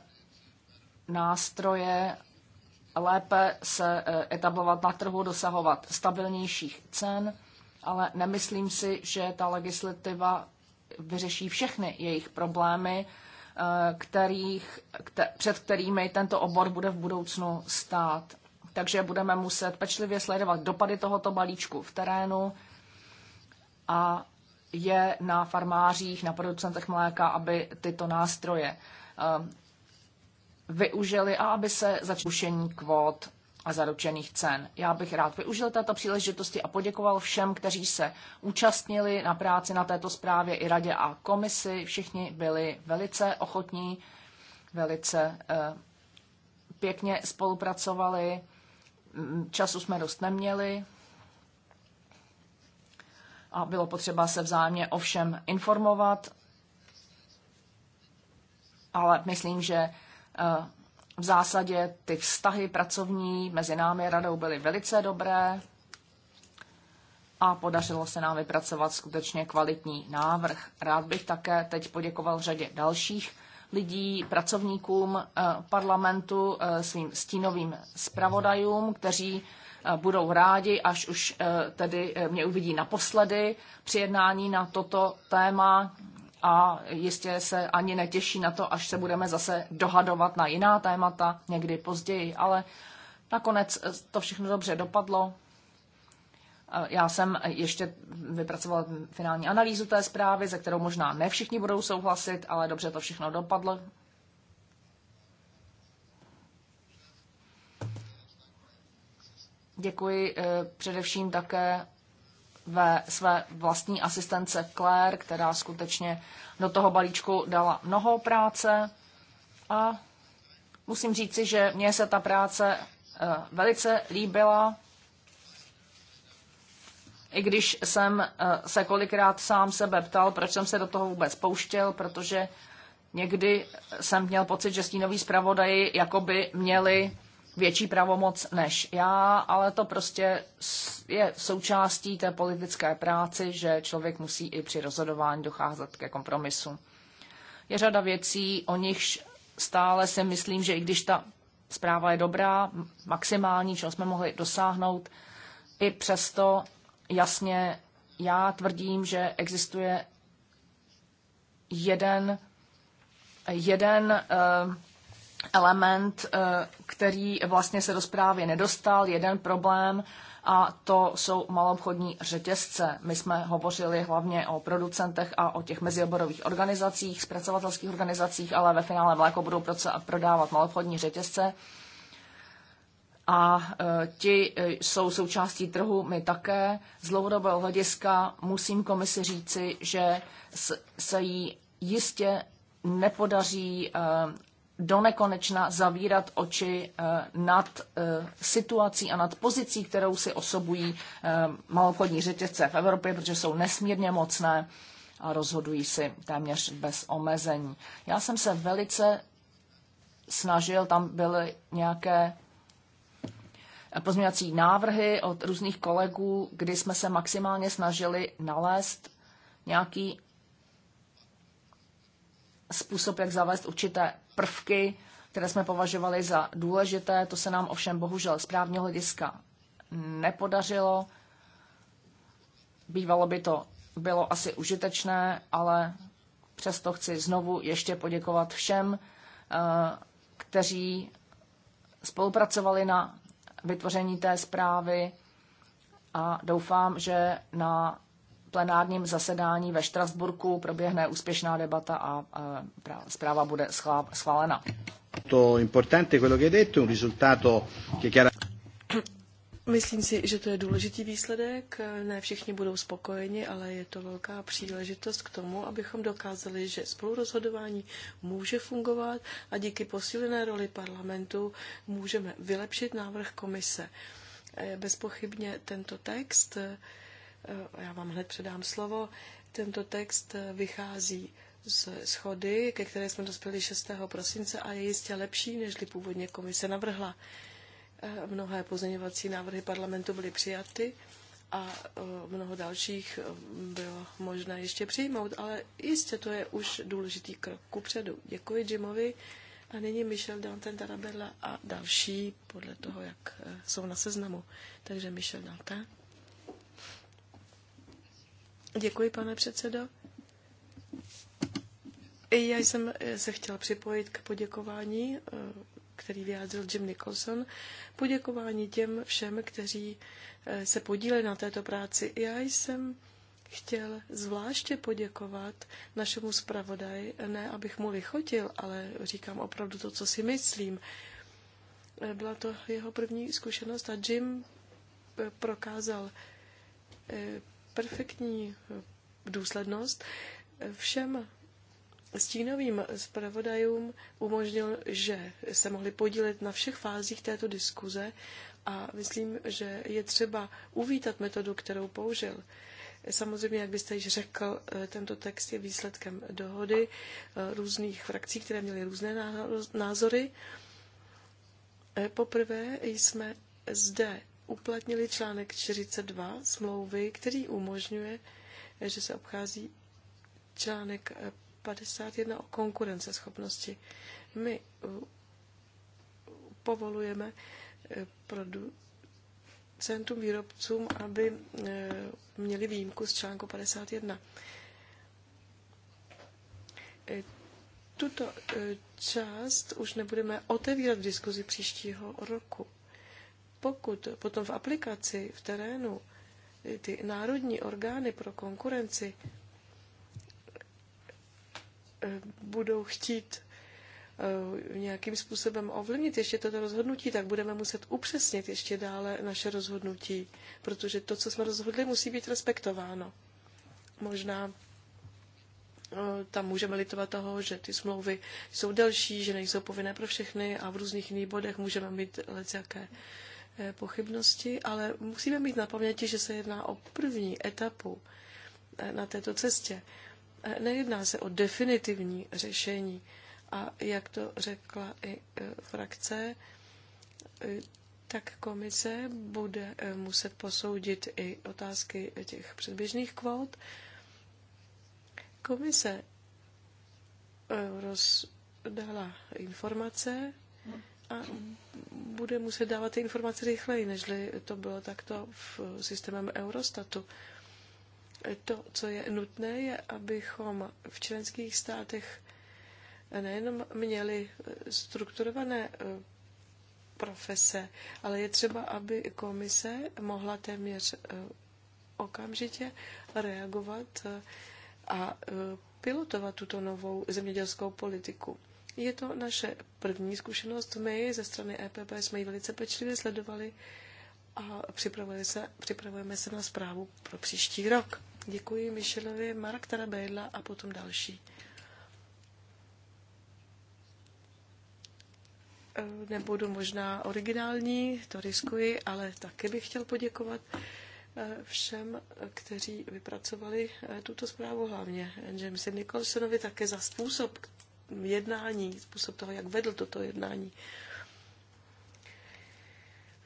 nástroje lépe se e, etablovat na trhu, dosahovat stabilnějších cen, ale nemyslím si, že ta legislativa vyřeší všechny jejich problémy Eh, kterých, kter, před kterými tento obor bude v budoucnu stát. Takže budeme muset pečlivě sledovat dopady tohoto balíčku v terénu a je na farmářích, na producentech mléka, aby tyto nástroje eh, využili a aby se začušení kvót a zaručených cen. Já bych rád využil této příležitosti a poděkoval všem, kteří se účastnili na práci na této zprávě i radě a komisi. Všichni byli velice ochotní, velice eh, pěkně spolupracovali. Mm, času jsme dost neměli a bylo potřeba se vzájemně o všem informovat, ale myslím, že eh, v zásadě ty vztahy pracovní mezi námi radou byly velice dobré a podařilo se nám vypracovat skutečně kvalitní návrh. Rád bych také teď poděkoval řadě dalších lidí, pracovníkům eh, parlamentu, eh, svým stínovým zpravodajům, kteří eh, budou rádi, až už tedy mě uvidí naposledy při jednání na toto téma a jistě se ani netěší na to, až se budeme zase dohadovat na jiná témata někdy později, ale nakonec to všechno dobře dopadlo. E, já jsem ještě vypracovala finální analýzu té zprávy, ze kterou možná ne všichni budou souhlasit, ale dobře to všechno dopadlo. Děkuji e, především také ve své vlastní asistence Claire, která skutečně do toho balíčku dala mnoho práce a musím říci, že mně se ta práce eh, velice líbila, i když jsem eh, se kolikrát sám sebe ptal, proč jsem se do toho vůbec pouštěl, protože někdy jsem měl pocit, že stínoví zpravodaji jakoby měli větší pravomoc než já, ale to prostě je součástí té politické práci, že člověk musí i při rozhodování docházet ke kompromisu. Je řada věcí, o nichž stále si myslím, že i když ta zpráva je dobrá, maximální, čeho jsme mohli dosáhnout, i přesto jasně já tvrdím, že existuje jeden, jeden uh, element, eh, který vlastně se do zprávy nedostal, jeden problém, a to jsou malobchodní řetězce. My jsme hovořili hlavně o producentech a o těch mezioborových organizacích, zpracovatelských organizacích, ale ve finále mléko budou prodávat malobchodní řetězce. A eh, ti eh, jsou součástí trhu, my také. Z dlouhodobého hlediska musím komisi říci, že se jí jistě nepodaří do nekonečna zavírat oči eh, nad eh, situací a nad pozicí, kterou si osobují eh, malokodní řetězce v Evropě, protože jsou nesmírně mocné a rozhodují si téměř bez omezení. Já jsem se velice snažil, tam byly nějaké pozměňovací návrhy od různých kolegů, kdy jsme se maximálně snažili nalézt nějaký způsob, jak zavést určité prvky, které jsme považovali za důležité. To se nám ovšem bohužel z právního hlediska nepodařilo. Bývalo by to bylo asi užitečné, ale přesto chci znovu ještě poděkovat všem, eh, kteří spolupracovali na vytvoření té zprávy a doufám, že na plenárním zasedání ve Štrasburku proběhne úspěšná debata a zpráva bude schválena. To importante quello che hai detto, un risultato che chiara... Myslím si, že to je důležitý výsledek. Ne všichni budou spokojeni, ale je to velká příležitost k tomu, abychom dokázali, že spolurozhodování může fungovat a díky posílené roli parlamentu můžeme vylepšit návrh komise. Bezpochybně tento text Eh, já vám hned předám slovo. Tento text eh, vychází z schody, ke které jsme dospěli 6. prosince a je jistě lepší, než původně komise navrhla. Eh, mnohé pozměňovací návrhy parlamentu byly přijaty a mnoho dalších bylo možné ještě přijmout, ale jistě to je už důležitý krok ku předu. Děkuji Jimovi a nyní Michel Dantin Tarabella a další podle toho, jak jsou na seznamu. Takže Michel Dantin. Děkuji, pane předsedo. Já jsem se chtěla připojit k poděkování, eh, který vyjádřil Jim Nicholson, poděkování těm všem, kteří eh, se podíleli na této práci. Já jsem chtěl zvláště poděkovat našemu zpravodaji, ne abych mu lichotil, ale říkám opravdu to, co si myslím. Eh, byla to jeho první zkušenost a Jim prokázal perfektní důslednost všem stínovým zpravodajům umožnil, že se mohli podílet na všech fázích této diskuze a myslím, že je třeba uvítat metodu, kterou použil. Samozřejmě, jak byste již řekl, tento text je výsledkem dohody různých frakcí, které měly různé názory. Poprvé jsme zde uplatnili článek 42 smlouvy, který umožňuje, že se obchází článek 51 o konkurenceschopnosti. My uh, povolujeme eh, producentům, výrobcům, aby eh, měli výjimku z článku 51. Eh, tuto část už nebudeme otevírat v diskuzi příštího roku pokud potom v aplikaci, v terénu, eh, ty národní orgány pro konkurenci eh, budou chtít eh, nějakým způsobem ovlivnit ještě toto rozhodnutí, tak budeme muset upřesnit ještě dále naše rozhodnutí, protože to, co jsme rozhodli, musí být respektováno. Možná tam můžeme litovat toho, že ty smlouvy jsou delší, že nejsou povinné pro všechny a v různých jiných bodech můžeme mít jaké Eh, pochybnosti, ale musíme mít na paměti, že se jedná o první etapu eh, na této cestě. Eh, nejedná se o definitivní řešení. A jak to řekla i frakce, tak komise bude muset posoudit i otázky těch předběžných kvót. Komise rozdala informace a bude muset dávat ty informace rychleji, než to bylo takto v systémem Eurostatu. To, co je nutné, je, abychom v členských státech nejenom měli strukturované eh, profese, ale je třeba, aby komise mohla téměř eh, okamžitě reagovat eh, a pilotovat tuto novou zemědělskou politiku. Je to naše první zkušenost. My ze strany EPP jsme ji velice pečlivě sledovali a připravujeme se, připravujeme se na zprávu pro příští rok. Děkuji Michelovi, Mark Tarabella a potom další. Eh, nebudu možná originální, to riskuji, ale taky bych chtěl poděkovat eh, všem, kteří vypracovali eh, tuto zprávu, hlavně Jamesi Nicholsonovi také za způsob, jednání, způsob toho, jak vedl toto jednání.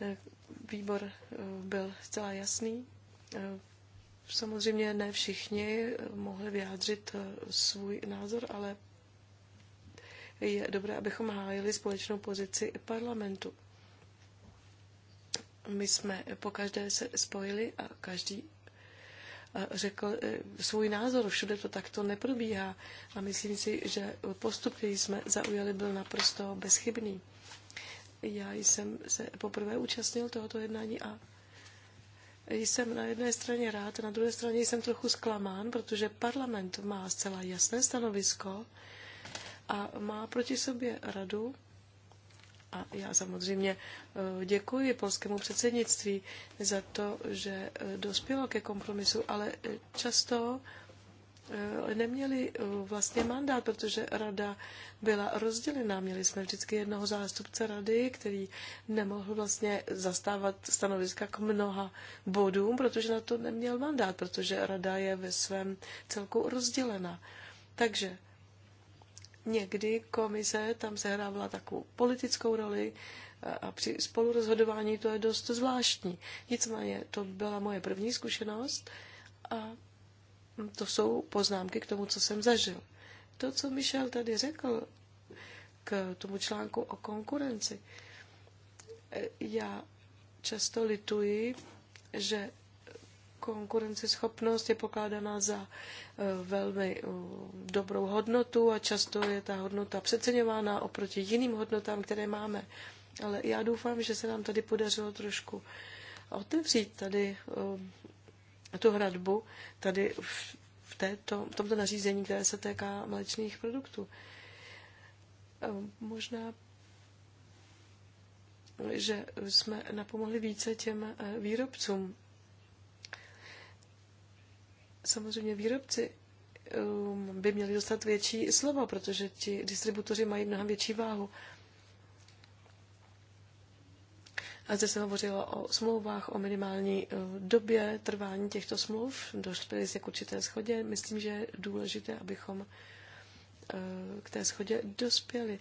Eh, výbor eh, byl zcela jasný. Eh, samozřejmě ne všichni mohli vyjádřit svůj názor, ale je dobré, abychom hájili společnou pozici parlamentu. My jsme po každé se spojili a každý řekl e, svůj názor. Všude to takto neprobíhá a myslím si, že postup, který jsme zaujali, byl naprosto bezchybný. Já jsem se poprvé účastnil tohoto jednání a jsem na jedné straně rád, na druhé straně jsem trochu zklamán, protože parlament má zcela jasné stanovisko a má proti sobě radu, a já samozřejmě eh, děkuji polskému předsednictví za to, že eh, dospělo ke kompromisu, ale eh, často neměli vlastně mandát, protože rada byla rozdělená. Měli jsme vždycky jednoho zástupce rady, který nemohl vlastně zastávat stanoviska k mnoha bodům, protože na to neměl mandát, protože rada je ve svém celku rozdělena. Takže Někdy komise tam sehrávala takovou politickou roli a při spolurozhodování to je dost zvláštní. Nicméně to byla moje první zkušenost a to jsou poznámky k tomu, co jsem zažil. To, co Michel tady řekl k tomu článku o konkurenci, e, já často lituji, že Konkurenceschopnost je pokládána za eh, velmi eh, dobrou hodnotu a často je ta hodnota přeceňována oproti jiným hodnotám, které máme. Ale já doufám, že se nám tady podařilo trošku otevřít tady eh, tu hradbu, tady v, této, v tomto nařízení, které se týká mléčných produktů. Možná že jsme napomohli více těm výrobcům samozřejmě výrobci um, by měli dostat větší slovo, protože ti distributoři mají mnohem větší váhu. A zde se hovořilo o smlouvách, o minimální uh, době trvání těchto smluv. Došli se k určité schodě. Myslím, že je důležité, abychom uh, k té schodě dospěli.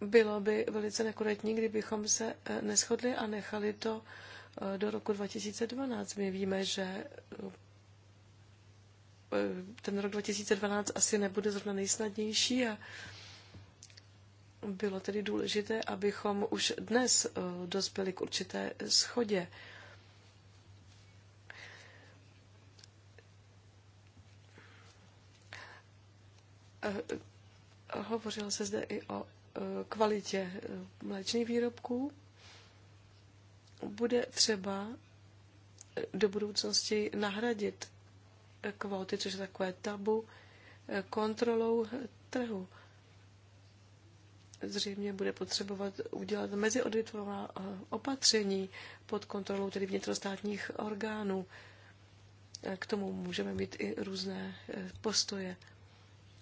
Bylo by velice nekorektní, kdybychom se uh, neschodli a nechali to Eh, do roku 2012. My víme, že eh, ten rok 2012 asi nebude zrovna nejsnadnější a bylo tedy důležité, abychom už dnes eh, dospěli k určité schodě. Hovořilo se zde i o kvalitě mléčných výrobků bude třeba eh, do budoucnosti nahradit eh, kvóty, což je takové tabu, eh, kontrolou trhu. Zřejmě bude potřebovat udělat meziodvětvová opatření pod kontrolou tedy vnitrostátních orgánů. K tomu můžeme mít i různé postoje.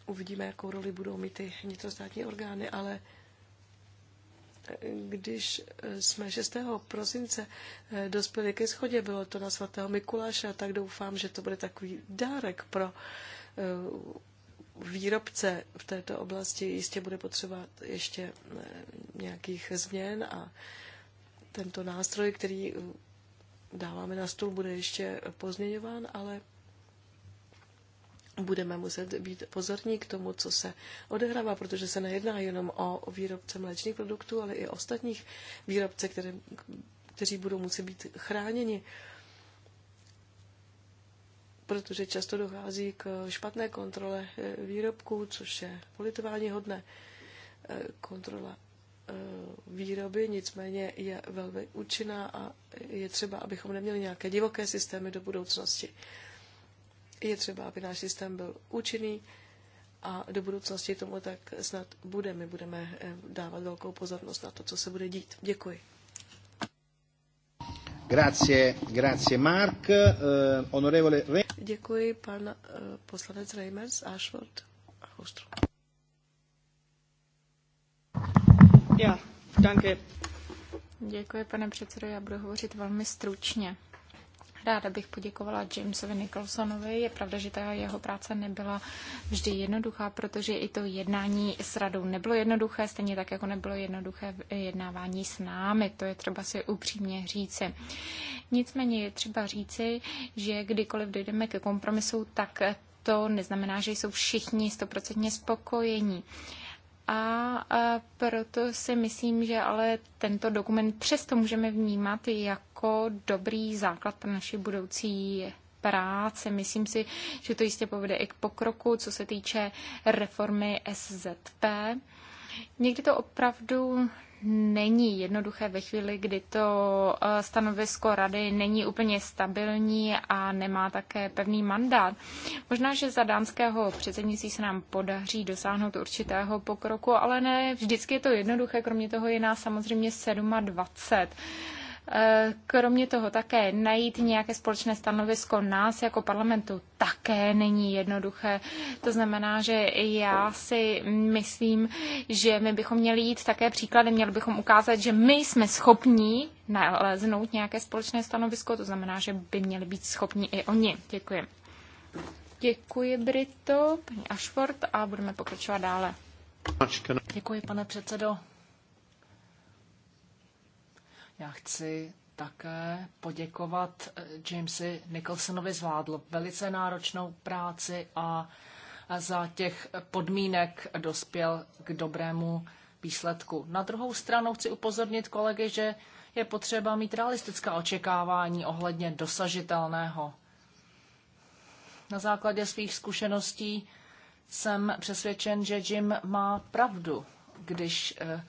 Uvidíme, jakou roli budou mít ty vnitrostátní orgány, ale když eh, jsme 6. prosince eh, dospěli ke schodě, bylo to na svatého Mikuláše, tak doufám, že to bude takový dárek pro eh, výrobce v této oblasti. Jistě bude potřebovat ještě nějakých změn a tento nástroj, který dáváme na stůl, bude ještě pozměňován, ale budeme muset být pozorní k tomu, co se odehrává, protože se nejedná jenom o výrobce mléčných produktů, ale i ostatních výrobce, které, kteří budou muset být chráněni protože často dochází k špatné kontrole eh, výrobků, což je politování hodné eh, kontrola eh, výroby, nicméně je velmi účinná a je třeba, abychom neměli nějaké divoké systémy do budoucnosti. Je třeba, aby náš systém byl účinný a do budoucnosti tomu tak snad bude. My budeme eh, dávat velkou pozornost na to, co se bude dít. Děkuji. Grazie, grazie Mark. Uh, onorevole Re... Děkuji, pan uh, poslanec Reimers, Ashford a Hostrom. Já, danke. Děkuji, pane předsedo, já budu hovořit velmi stručně. Ráda bych poděkovala Jamesovi Nicholsonovi. Je pravda, že ta jeho práce nebyla vždy jednoduchá, protože i to jednání s radou nebylo jednoduché, stejně tak jako nebylo jednoduché jednávání s námi. To je třeba si upřímně říci. Nicméně je třeba říci, že kdykoliv dojdeme ke kompromisu, tak to neznamená, že jsou všichni stoprocentně spokojení. A proto si myslím, že ale tento dokument přesto můžeme vnímat jako jako dobrý základ pro naši budoucí práce. Myslím si, že to jistě povede i k pokroku, co se týče reformy SZP. Někdy to opravdu není jednoduché ve chvíli, kdy to eh, stanovisko rady není úplně stabilní a nemá také pevný mandát. Možná, že za dánského předsednictví se nám podaří dosáhnout určitého pokroku, ale ne vždycky je to jednoduché. Kromě toho je nás samozřejmě 27. Kromě toho také najít nějaké společné stanovisko nás jako parlamentu také není jednoduché. To znamená, že já si myslím, že my bychom měli jít také příklady, měli bychom ukázat, že my jsme schopní naleznout nějaké společné stanovisko, to znamená, že by měli být schopní i oni. Děkuji. Děkuji, Brito, paní Ashford, a budeme pokračovat dále. No. Děkuji, pane předsedo. Já chci také poděkovat eh, Jamesi Nicholsonovi, zvládl velice náročnou práci a za těch podmínek dospěl k dobrému výsledku. Na druhou stranu chci upozornit kolegy, že je potřeba mít realistická očekávání ohledně dosažitelného. Na základě svých zkušeností jsem přesvědčen, že Jim má pravdu, když eh,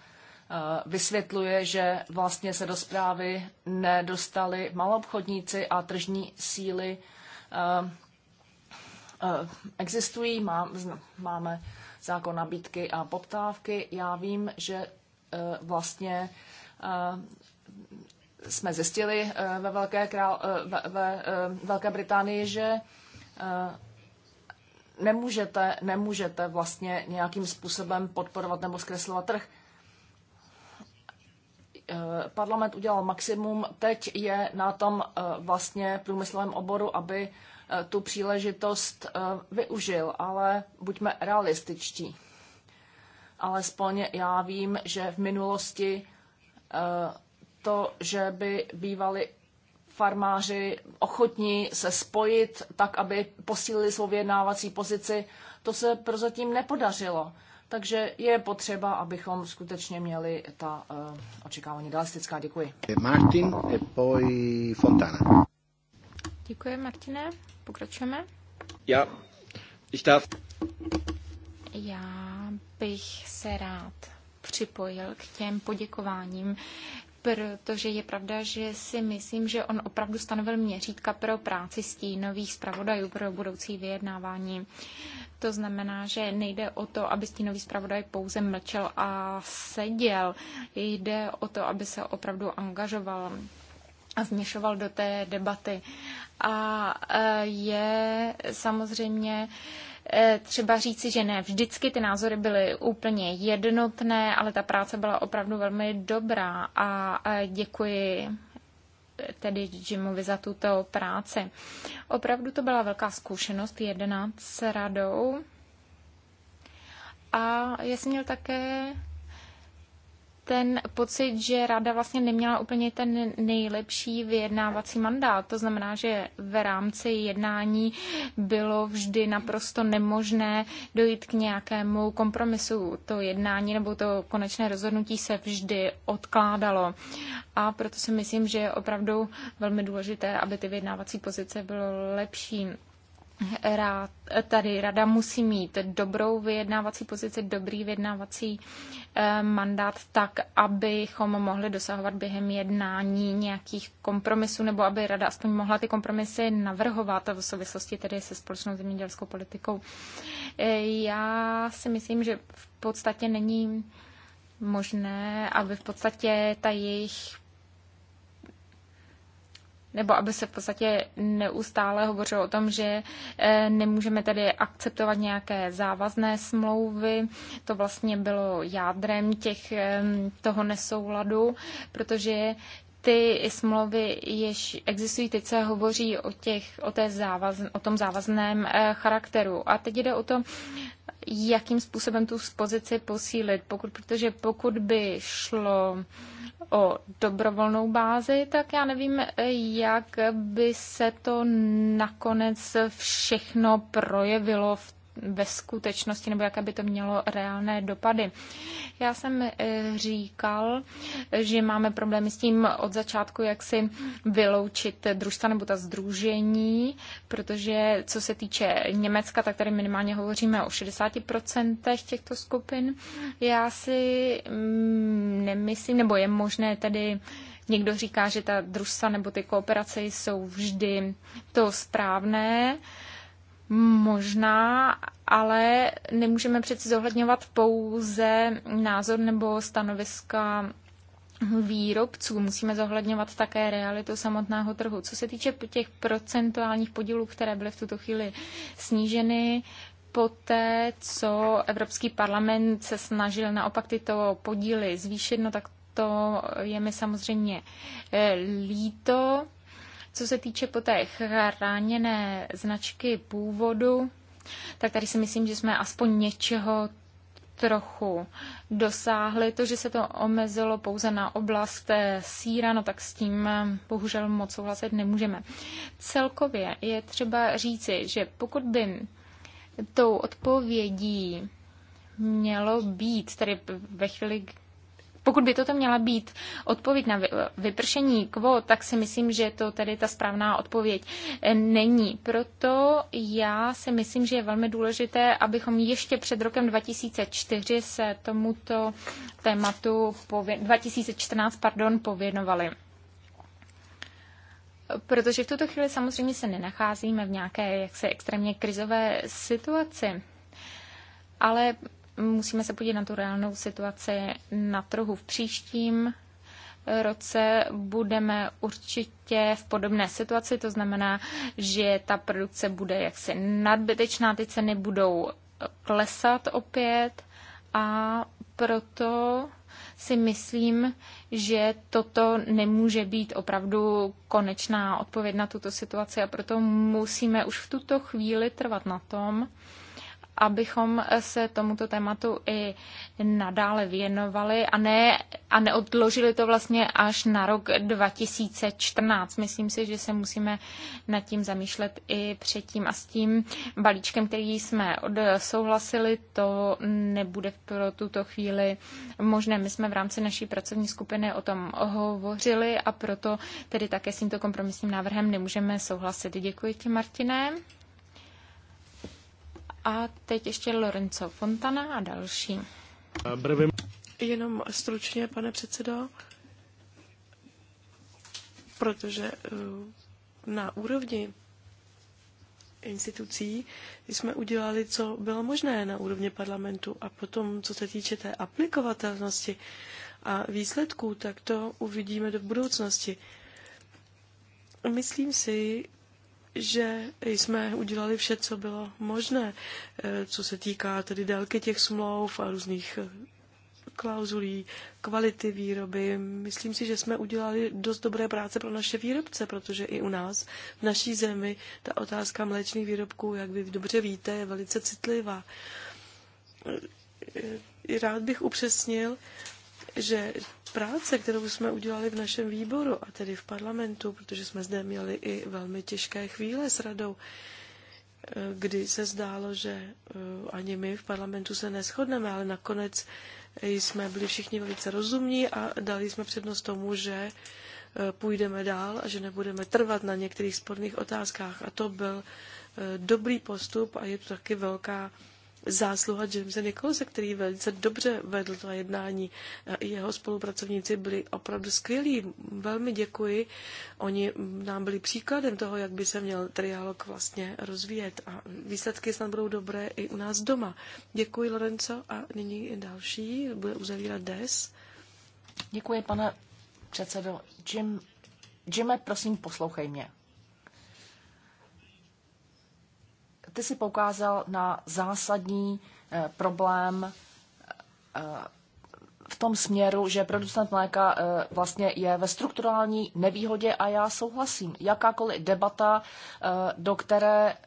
Eh, vysvětluje, že vlastně se do zprávy nedostali malobchodníci a tržní síly eh, eh, existují. Máme zákon nabídky a poptávky. Já vím, že vlastně jsme zjistili ve Velké, král, ve, ve Velké Británii, že nemůžete, nemůžete vlastně nějakým způsobem podporovat nebo zkreslovat trh. Eh, parlament udělal maximum, teď je na tom eh, vlastně průmyslovém oboru, aby eh, tu příležitost využil, ale buďme realističtí. Alespoň já vím, že v minulosti to, že by bývali farmáři ochotní se spojit tak, aby posílili svou vyjednávací pozici, to se prozatím nepodařilo. Takže je potřeba, abychom skutečně měli ta uh, očekávání realistická. Děkuji. Martin, e poi Fontana. Děkuji, Martine. Pokračujeme. Já, ich darf. Já bych se rád připojil k těm poděkováním, protože je pravda, že si myslím, že on opravdu stanovil měřítka pro práci stínových zpravodajů pro budoucí vyjednávání. To znamená, že nejde o to, aby stínový zpravodaj pouze mlčel a seděl. Jde o to, aby se opravdu angažoval a změšoval do té debaty. A e, je samozřejmě Eh, třeba říci, že ne vždycky ty názory byly úplně jednotné, ale ta práce byla opravdu velmi dobrá a děkuji eh, tedy Jimovi za tuto práci. Opravdu to byla velká zkušenost jednat s radou a já jsem měl také ten pocit, že rada vlastně neměla úplně ten nejlepší vyjednávací mandát. To znamená, že v rámci jednání bylo vždy naprosto nemožné dojít k nějakému kompromisu. To jednání nebo to konečné rozhodnutí se vždy odkládalo. A proto si myslím, že je opravdu velmi důležité, aby ty vyjednávací pozice bylo lepší rád, tady rada musí mít dobrou vyjednávací pozici, dobrý vyjednávací eh, mandát tak, abychom mohli dosahovat během jednání nějakých kompromisů, nebo aby rada aspoň mohla ty kompromisy navrhovat v souvislosti tedy se společnou zemědělskou politikou. Eh, já si myslím, že v podstatě není možné, aby v podstatě ta jejich nebo aby se v podstatě neustále hovořilo o tom, že eh, nemůžeme tedy akceptovat nějaké závazné smlouvy. To vlastně bylo jádrem těch, toho nesouladu, protože ty smlouvy jež existují, teď se hovoří o, těch, o, té závaz, o tom závazném eh, charakteru. A teď jde o to, jakým způsobem tu pozici posílit, pokud, protože pokud by šlo o dobrovolnou bázi, tak já nevím, jak by se to nakonec všechno projevilo v ve skutečnosti, nebo jaké by to mělo reálné dopady. Já jsem eh, říkal, že máme problémy s tím od začátku, jak si vyloučit družstva nebo ta združení, protože co se týče Německa, tak tady minimálně hovoříme o 60% těchto skupin. Já si mm, nemyslím, nebo je možné tedy Někdo říká, že ta družstva nebo ty kooperace jsou vždy to správné, Možná, ale nemůžeme přeci zohledňovat pouze názor nebo stanoviska výrobců. Musíme zohledňovat také realitu samotného trhu. Co se týče těch procentuálních podílů, které byly v tuto chvíli sníženy, poté, co Evropský parlament se snažil naopak tyto podíly zvýšit, no tak to je mi samozřejmě eh, líto. Co se týče po té chráněné značky původu, tak tady si myslím, že jsme aspoň něčeho trochu dosáhli. To, že se to omezilo pouze na oblast eh, síra, no tak s tím eh, bohužel moc souhlasit nemůžeme. Celkově je třeba říci, že pokud by tou odpovědí mělo být, tedy ve chvíli, pokud by toto měla být odpověď na vypršení kvót, tak si myslím, že to tedy ta správná odpověď eh, není. Proto já si myslím, že je velmi důležité, abychom ještě před rokem 2004 se tomuto tématu 2014 pardon, pověnovali protože v tuto chvíli samozřejmě se nenacházíme v nějaké jaksi extrémně krizové situaci. Ale musíme se podívat na tu reálnou situaci na trhu. V příštím roce budeme určitě v podobné situaci, to znamená, že ta produkce bude jaksi nadbytečná, ty ceny budou klesat opět a proto si myslím, že toto nemůže být opravdu konečná odpověď na tuto situaci a proto musíme už v tuto chvíli trvat na tom, abychom se tomuto tématu i nadále věnovali a, ne, a neodložili to vlastně až na rok 2014. Myslím si, že se musíme nad tím zamýšlet i předtím a s tím balíčkem, který jsme odsouhlasili, to nebude pro tuto chvíli možné. My jsme v rámci naší pracovní skupiny o tom hovořili a proto tedy také s tímto kompromisním návrhem nemůžeme souhlasit. Děkuji ti, Martine. A teď ještě Lorenzo Fontana a další. Jenom stručně, pane předsedo, protože eh, na úrovni institucí jsme udělali, co bylo možné na úrovni parlamentu. A potom, co se týče té aplikovatelnosti a výsledků, tak to uvidíme do budoucnosti. Myslím si, že jsme udělali vše, co bylo možné, eh, co se týká tedy délky těch smlouv a různých eh, klauzulí, kvality výroby. Myslím si, že jsme udělali dost dobré práce pro naše výrobce, protože i u nás, v naší zemi, ta otázka mléčných výrobků, jak vy dobře víte, je velice citlivá. Eh, rád bych upřesnil, že práce, kterou jsme udělali v našem výboru a tedy v parlamentu, protože jsme zde měli i velmi těžké chvíle s radou, eh, kdy se zdálo, že eh, ani my v parlamentu se neschodneme, ale nakonec jsme byli všichni velice rozumní a dali jsme přednost tomu, že eh, půjdeme dál a že nebudeme trvat na některých sporných otázkách. A to byl dobrý postup a je to taky velká zásluha Jamesa Nicholsa, který velice dobře vedl to jednání. E, jeho spolupracovníci byli opravdu skvělí. Velmi děkuji. Oni nám byli příkladem toho, jak by se měl trialog vlastně rozvíjet. A výsledky snad budou dobré i u nás doma. Děkuji, Lorenzo. A nyní další bude uzavírat DES. Děkuji, pane předsedo. Jim, Jime, prosím, poslouchej mě. Ty si poukázal na zásadní eh, problém eh, v tom směru, že producent mléka eh, vlastně je ve strukturální nevýhodě a já souhlasím. Jakákoliv debata, do které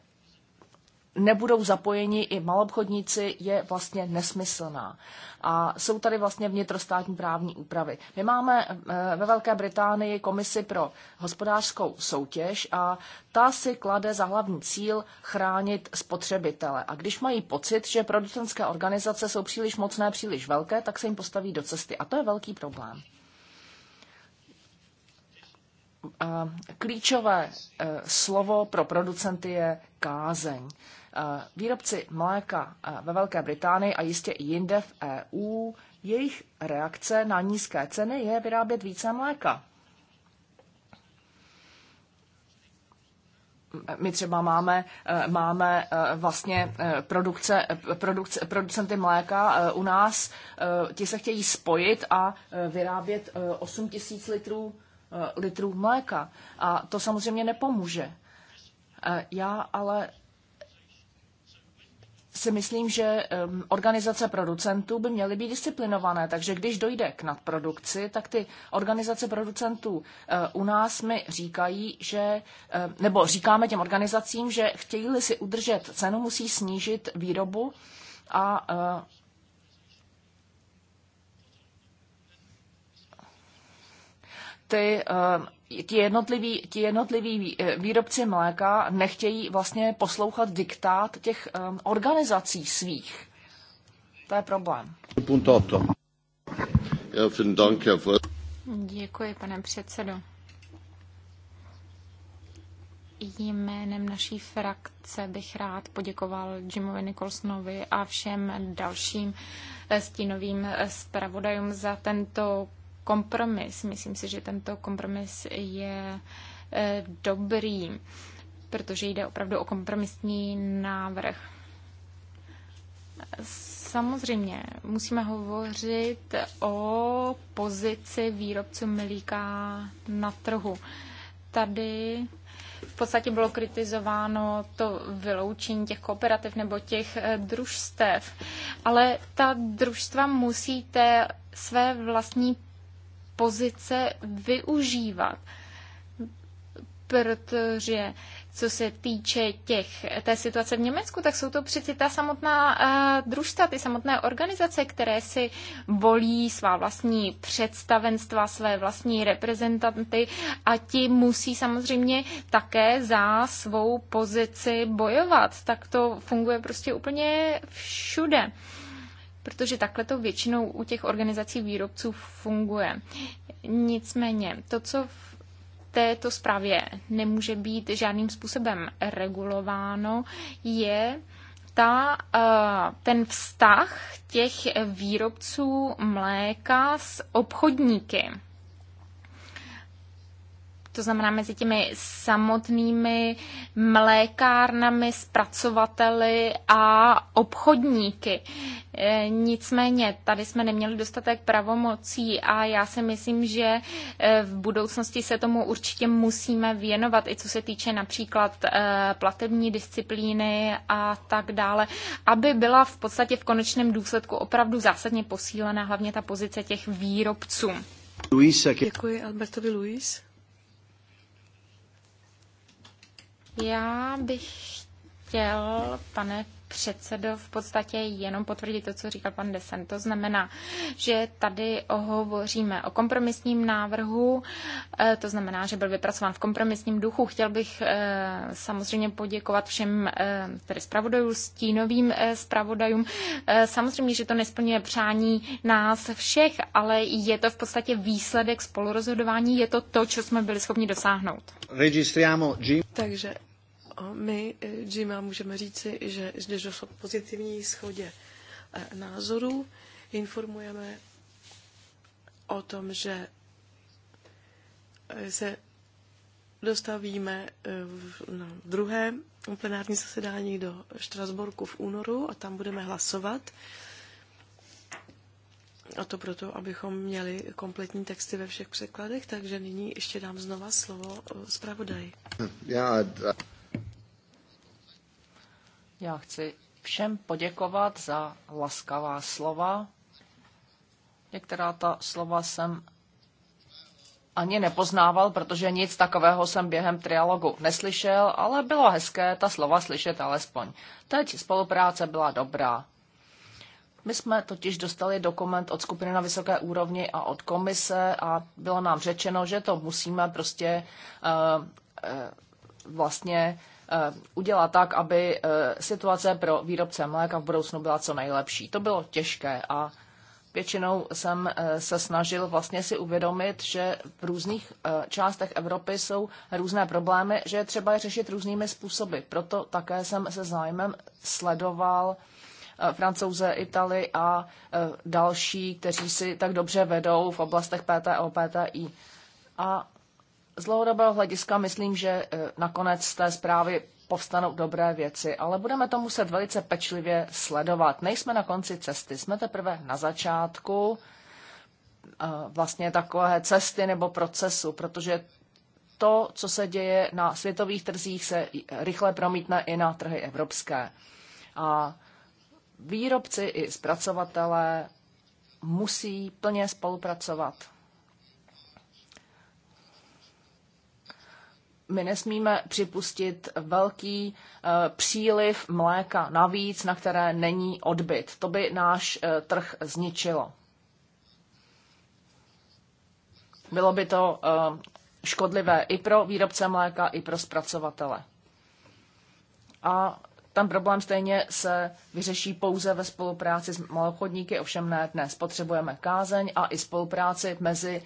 nebudou zapojeni i malobchodníci, je vlastně nesmyslná. A jsou tady vlastně vnitrostátní právní úpravy. My máme eh, ve Velké Británii komisi pro hospodářskou soutěž a ta si klade za hlavní cíl chránit spotřebitele. A když mají pocit, že producentské organizace jsou příliš mocné, příliš velké, tak se jim postaví do cesty. A to je velký problém klíčové e, slovo pro producenty je kázeň. E, výrobci mléka e, ve Velké Británii a jistě i jinde v EU, jejich reakce na nízké ceny je vyrábět více mléka. my třeba máme, máme vlastně produkce, produkce, producenty mléka u nás, ti se chtějí spojit a vyrábět 8 tisíc litrů Eh, litrů mléka. A to samozřejmě nepomůže. Eh, já ale si myslím, že eh, organizace producentů by měly být disciplinované, takže když dojde k nadprodukci, tak ty organizace producentů u nás mi říkají, že, nebo říkáme těm organizacím, že chtějí-li si udržet cenu, musí snížit výrobu a ty eh, ti jednotliví, ti jednotliví eh, výrobci mléka nechtějí vlastně poslouchat diktát těch eh, organizací svých. To je problém. Děkuji, pane předsedo. Jménem naší frakce bych rád poděkoval Jimovi Nicholsonovi a všem dalším stínovým zpravodajům za tento kompromis. Myslím si, že tento kompromis je eh, dobrý, protože jde opravdu o kompromisní návrh. Samozřejmě musíme hovořit o pozici výrobců mlíka na trhu. Tady v podstatě bylo kritizováno to vyloučení těch kooperativ nebo těch eh, družstev, ale ta družstva musíte své vlastní pozice využívat. Protože co se týče těch, té situace v Německu, tak jsou to přeci ta samotná uh, družstva, ty samotné organizace, které si volí svá vlastní představenstva, své vlastní reprezentanty a ti musí samozřejmě také za svou pozici bojovat. Tak to funguje prostě úplně všude. Uh, protože takhle to většinou u těch organizací výrobců funguje. Nicméně, to, co v této zprávě nemůže být žádným způsobem regulováno, je ta, eh, ten vztah těch výrobců mléka s obchodníky to znamená mezi těmi samotnými mlékárnami, zpracovateli a obchodníky. E, nicméně tady jsme neměli dostatek pravomocí a já si myslím, že e, v budoucnosti se tomu určitě musíme věnovat, i co se týče například e, platební disciplíny a tak dále, aby byla v podstatě v konečném důsledku opravdu zásadně posílena hlavně ta pozice těch výrobců. Děkuji Albertovi Luis. Já bych chtěl, pane předsedo, v podstatě jenom potvrdit to, co říkal pan Desen. To znamená, že tady hovoříme o kompromisním návrhu, eh, to znamená, že byl vypracován v kompromisním duchu. Chtěl bych eh, samozřejmě poděkovat všem eh, tedy zpravodajům, stínovým zpravodajům. Samozřejmě, že to nesplňuje přání nás všech, ale je to v podstatě výsledek spolurozhodování, je to to, co jsme byli schopni dosáhnout. Registriamo G. Takže a my, eh, Jima, můžeme říci, že zde došlo k pozitivní schodě eh, názorů. Informujeme o tom, že eh, se dostavíme na druhé plenární zasedání do Štrasborku v únoru a tam budeme hlasovat. A to proto, abychom měli kompletní texty ve všech překladech, takže nyní ještě dám znova slovo zpravodaji. Já, já chci všem poděkovat za laskavá slova. Některá ta slova jsem ani nepoznával, protože nic takového jsem během trialogu neslyšel, ale bylo hezké ta slova slyšet alespoň. Teď spolupráce byla dobrá. My jsme totiž dostali dokument od skupiny na vysoké úrovni a od komise a bylo nám řečeno, že to musíme prostě uh, uh, vlastně uh, Eh, udělat tak, aby eh, situace pro výrobce mléka v budoucnu byla co nejlepší. To bylo těžké a většinou jsem eh, se snažil vlastně si uvědomit, že v různých částech Evropy jsou různé problémy, že je třeba je řešit různými způsoby. Proto také jsem se zájmem sledoval Francouze, Italy a další, kteří si tak dobře vedou v oblastech PTO, PTI. A z dlouhodobého hlediska myslím, že eh, nakonec z té zprávy povstanou dobré věci, ale budeme to muset velice pečlivě sledovat. Nejsme na konci cesty, jsme teprve na začátku eh, vlastně takové cesty nebo procesu, protože to, co se děje na světových trzích, se eh, rychle promítne i na trhy evropské. A výrobci i zpracovatelé musí plně spolupracovat. my nesmíme připustit velký eh, příliv mléka navíc, na které není odbyt. To by náš eh, trh zničilo. Bylo by to eh, škodlivé i pro výrobce mléka, i pro zpracovatele. A ten problém stejně se vyřeší pouze ve spolupráci s malochodníky, ovšem ne dnes. Potřebujeme kázeň a i spolupráci mezi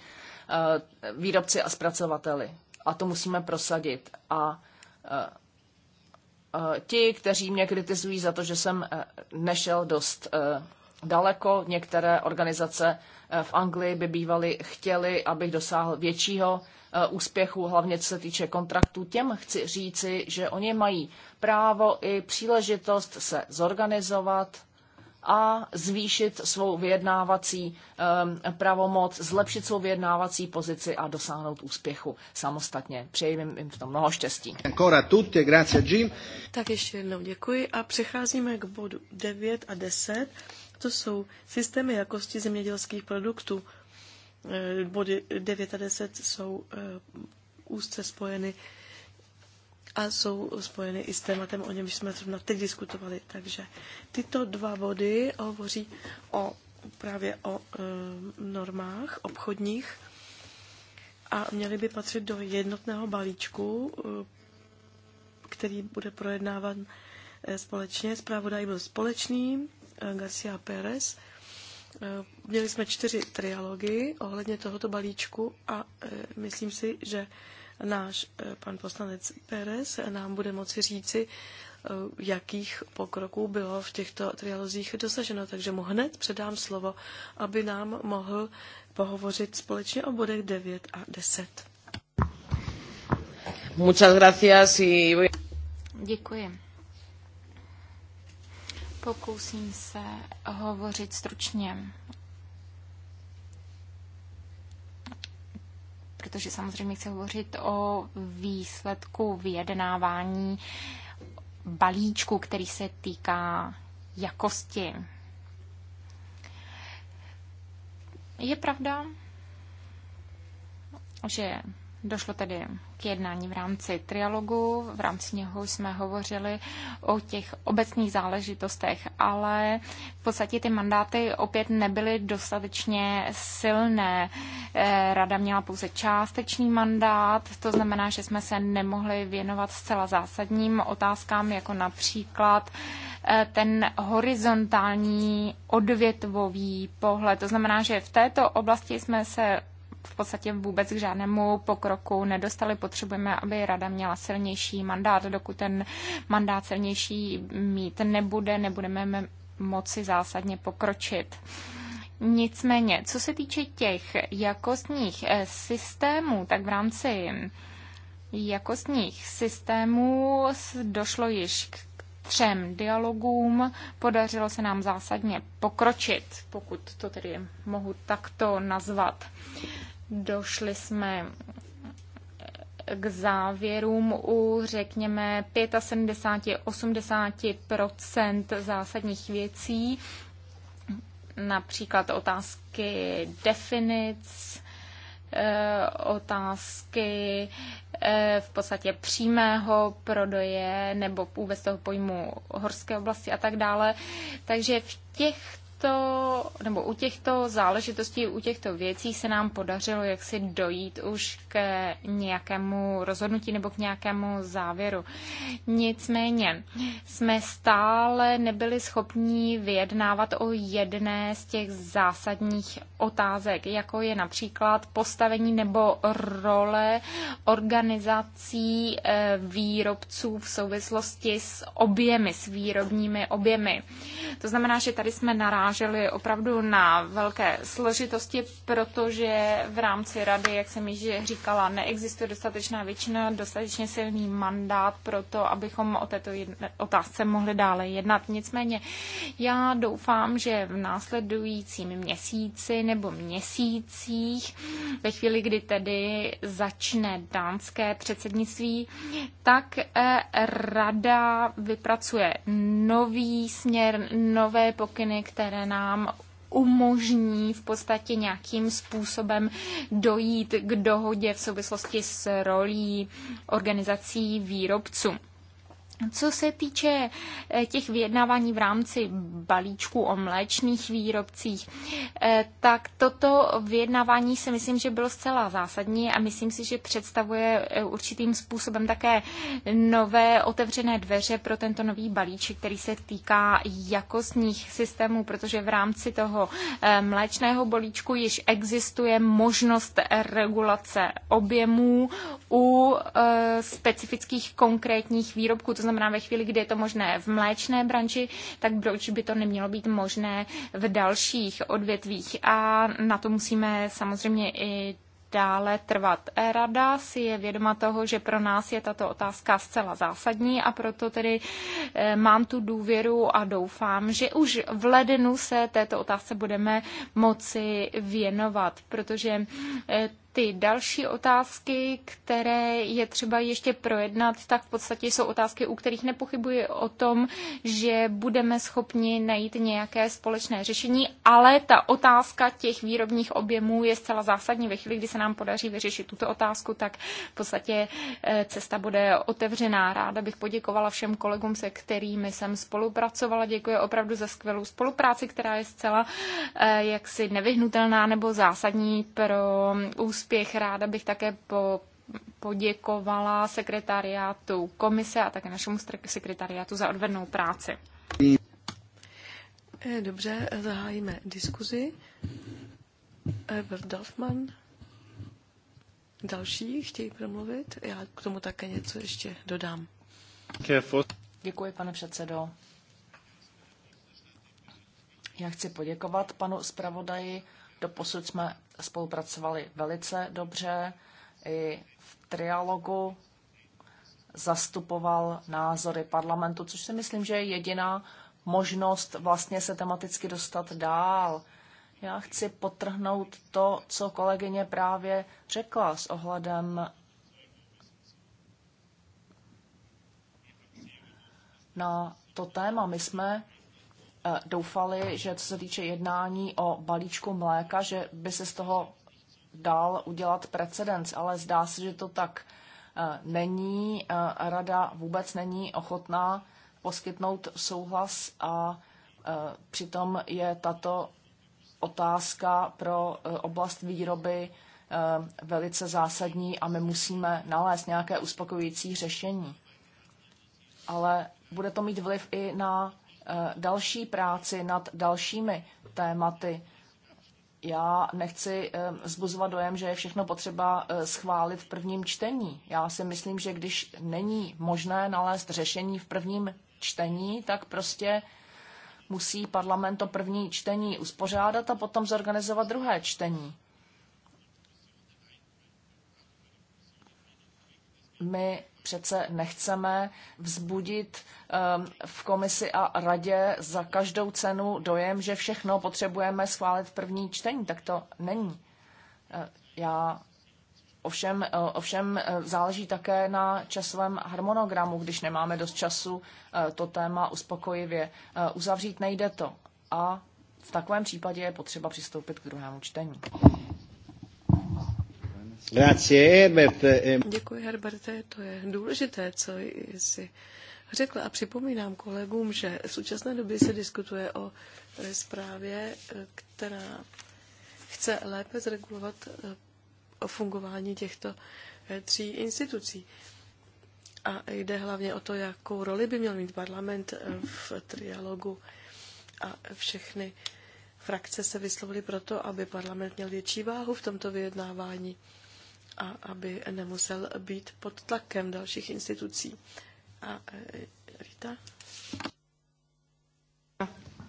výrobci a zpracovateli. A to musíme prosadit. A e, e, ti, kteří mě kritizují za to, že jsem e, nešel dost daleko, některé organizace v Anglii by bývaly chtěli, abych dosáhl většího úspěchu, hlavně co se týče kontraktů. Těm chci říci, že oni mají právo i příležitost se zorganizovat a zvýšit svou vyjednávací ehm, pravomoc, zlepšit svou vyjednávací pozici a dosáhnout úspěchu samostatně. Přeji jim, jim v tom mnoho štěstí. Tak ještě jednou děkuji a přecházíme k bodu 9 a 10. To jsou systémy jakosti zemědělských produktů. Ehm, body 9 a 10 jsou ehm, úzce spojeny a jsou spojeny i s tématem, o něm jsme zrovna teď diskutovali. Takže tyto dva body hovoří o, právě o e, normách obchodních a měly by patřit do jednotného balíčku, e, který bude projednávan e, společně. Zpravodaj byl společný, e, Garcia Pérez. E, měli jsme čtyři trialogy ohledně tohoto balíčku a e, myslím si, že náš eh, pan poslanec Pérez nám bude moci říci, eh, jakých pokroků bylo v těchto trialozích dosaženo. Takže mu hned předám slovo, aby nám mohl pohovořit společně o bodech 9 a 10. Muchas gracias y... Děkuji. Pokusím se hovořit stručně protože samozřejmě chci hovořit o výsledku vyjednávání balíčku, který se týká jakosti. Je pravda, že Došlo tedy k jednání v rámci trialogu, v rámci něho jsme hovořili o těch obecných záležitostech, ale v podstatě ty mandáty opět nebyly dostatečně silné. Eh, Rada měla pouze částečný mandát, to znamená, že jsme se nemohli věnovat zcela zásadním otázkám, jako například eh, ten horizontální odvětvový pohled. To znamená, že v této oblasti jsme se v podstatě vůbec k žádnému pokroku nedostali. Potřebujeme, aby rada měla silnější mandát. Dokud ten mandát silnější mít nebude, nebudeme moci zásadně pokročit. Nicméně, co se týče těch jakostních eh, systémů, tak v rámci jakostních systémů došlo již k třem dialogům. Podařilo se nám zásadně pokročit, pokud to tedy mohu takto nazvat. Došli jsme eh, k závěrům u, řekněme, 75-80 zásadních věcí, například otázky definic, eh, otázky eh, v podstatě přímého prodoje nebo vůbec toho pojmu horské oblasti a tak dále. Takže v těch těchto, nebo u těchto záležitostí, u těchto věcí se nám podařilo jaksi dojít už k nějakému rozhodnutí nebo k nějakému závěru. Nicméně jsme stále nebyli schopni vyjednávat o jedné z těch zásadních otázek, jako je například postavení nebo role organizací eh, výrobců v souvislosti s objemy, s výrobními objemy. To znamená, že tady jsme narážili naráželi opravdu na velké složitosti, protože v rámci rady, jak jsem již říkala, neexistuje dostatečná většina, dostatečně silný mandát pro to, abychom o této otázce mohli dále jednat. Nicméně já doufám, že v následujícím měsíci nebo měsících, ve chvíli, kdy tedy začne dánské předsednictví, tak eh, rada vypracuje nový směr, nové pokyny, které nám umožní v podstatě nějakým způsobem dojít k dohodě v souvislosti s rolí organizací výrobců. Co se týče eh, těch vyjednávání v rámci balíčku o mléčných výrobcích, eh, tak toto vyjednávání si myslím, že bylo zcela zásadní a myslím si, že představuje eh, určitým způsobem také nové otevřené dveře pro tento nový balíček, který se týká jakostních systémů, protože v rámci toho mléčného balíčku již existuje možnost regulace objemů u specifických konkrétních výrobků. To znamená, znamená, ve chvíli, kdy je to možné v mléčné branži, tak proč by to nemělo být možné v dalších odvětvích? A na to musíme samozřejmě i dále trvat. Rada si je vědoma toho, že pro nás je tato otázka zcela zásadní a proto tedy eh, mám tu důvěru a doufám, že už v lednu se této otázce budeme moci věnovat, protože eh, ty další otázky, které je třeba ještě projednat, tak v podstatě jsou otázky, u kterých nepochybuji o tom, že budeme schopni najít nějaké společné řešení, ale ta otázka těch výrobních objemů je zcela zásadní. Ve chvíli, kdy se nám podaří vyřešit tuto otázku, tak v podstatě eh, cesta bude otevřená. Ráda bych poděkovala všem kolegům, se kterými jsem spolupracovala. Děkuji opravdu za skvělou spolupráci, která je zcela eh, jaksi nevyhnutelná nebo zásadní pro úspěch. Ráda bych také po, poděkovala sekretariátu komise a také našemu sekretariátu za odvednou práci. Eh, dobře, zahájíme diskuzi. Ever Dolfman. Další chtějí promluvit? Já k tomu také něco ještě dodám. Děkuji, pane předsedo. Já chci poděkovat panu zpravodaji Doposud jsme spolupracovali velice dobře. I v trialogu zastupoval názory parlamentu, což si myslím, že je jediná možnost vlastně se tematicky dostat dál. Já chci potrhnout to, co kolegyně právě řekla s ohledem na to téma. My jsme Eh, doufali, že co se týče jednání o balíčku mléka, že by se z toho dal udělat precedens, ale zdá se, že to tak eh, není. Eh, rada vůbec není ochotná poskytnout souhlas a přitom je tato otázka pro oblast výroby velice zásadní a my musíme nalézt nějaké uspokojující řešení. Ale bude to mít vliv i na Eh, další práci nad dalšími tématy. Já nechci eh, zbuzovat dojem, že je všechno potřeba eh, schválit v prvním čtení. Já si myslím, že když není možné nalézt řešení v prvním čtení, tak prostě musí parlament to první čtení uspořádat a potom zorganizovat druhé čtení. My přece nechceme vzbudit ehm, v komisi a radě za každou cenu dojem, že všechno potřebujeme schválit v první čtení. Tak to není. Eh, já Ovšem, eh, ovšem eh, záleží také na časovém harmonogramu. Když nemáme dost času to téma uspokojivě uzavřít, nejde to. A v takovém případě je potřeba přistoupit k druhému čtení. Děkuji, Herberte. To je důležité, co jsi řekla. A připomínám kolegům, že v současné době se diskutuje o zprávě, která chce lépe zregulovat eh, fungování těchto eh, tří institucí. A jde hlavně o to, jakou roli by měl mít parlament eh, v trialogu a všechny frakce se vyslovily proto, aby parlament měl větší váhu v tomto vyjednávání a aby nemusel být pod tlakem dalších institucí. A e, Rita?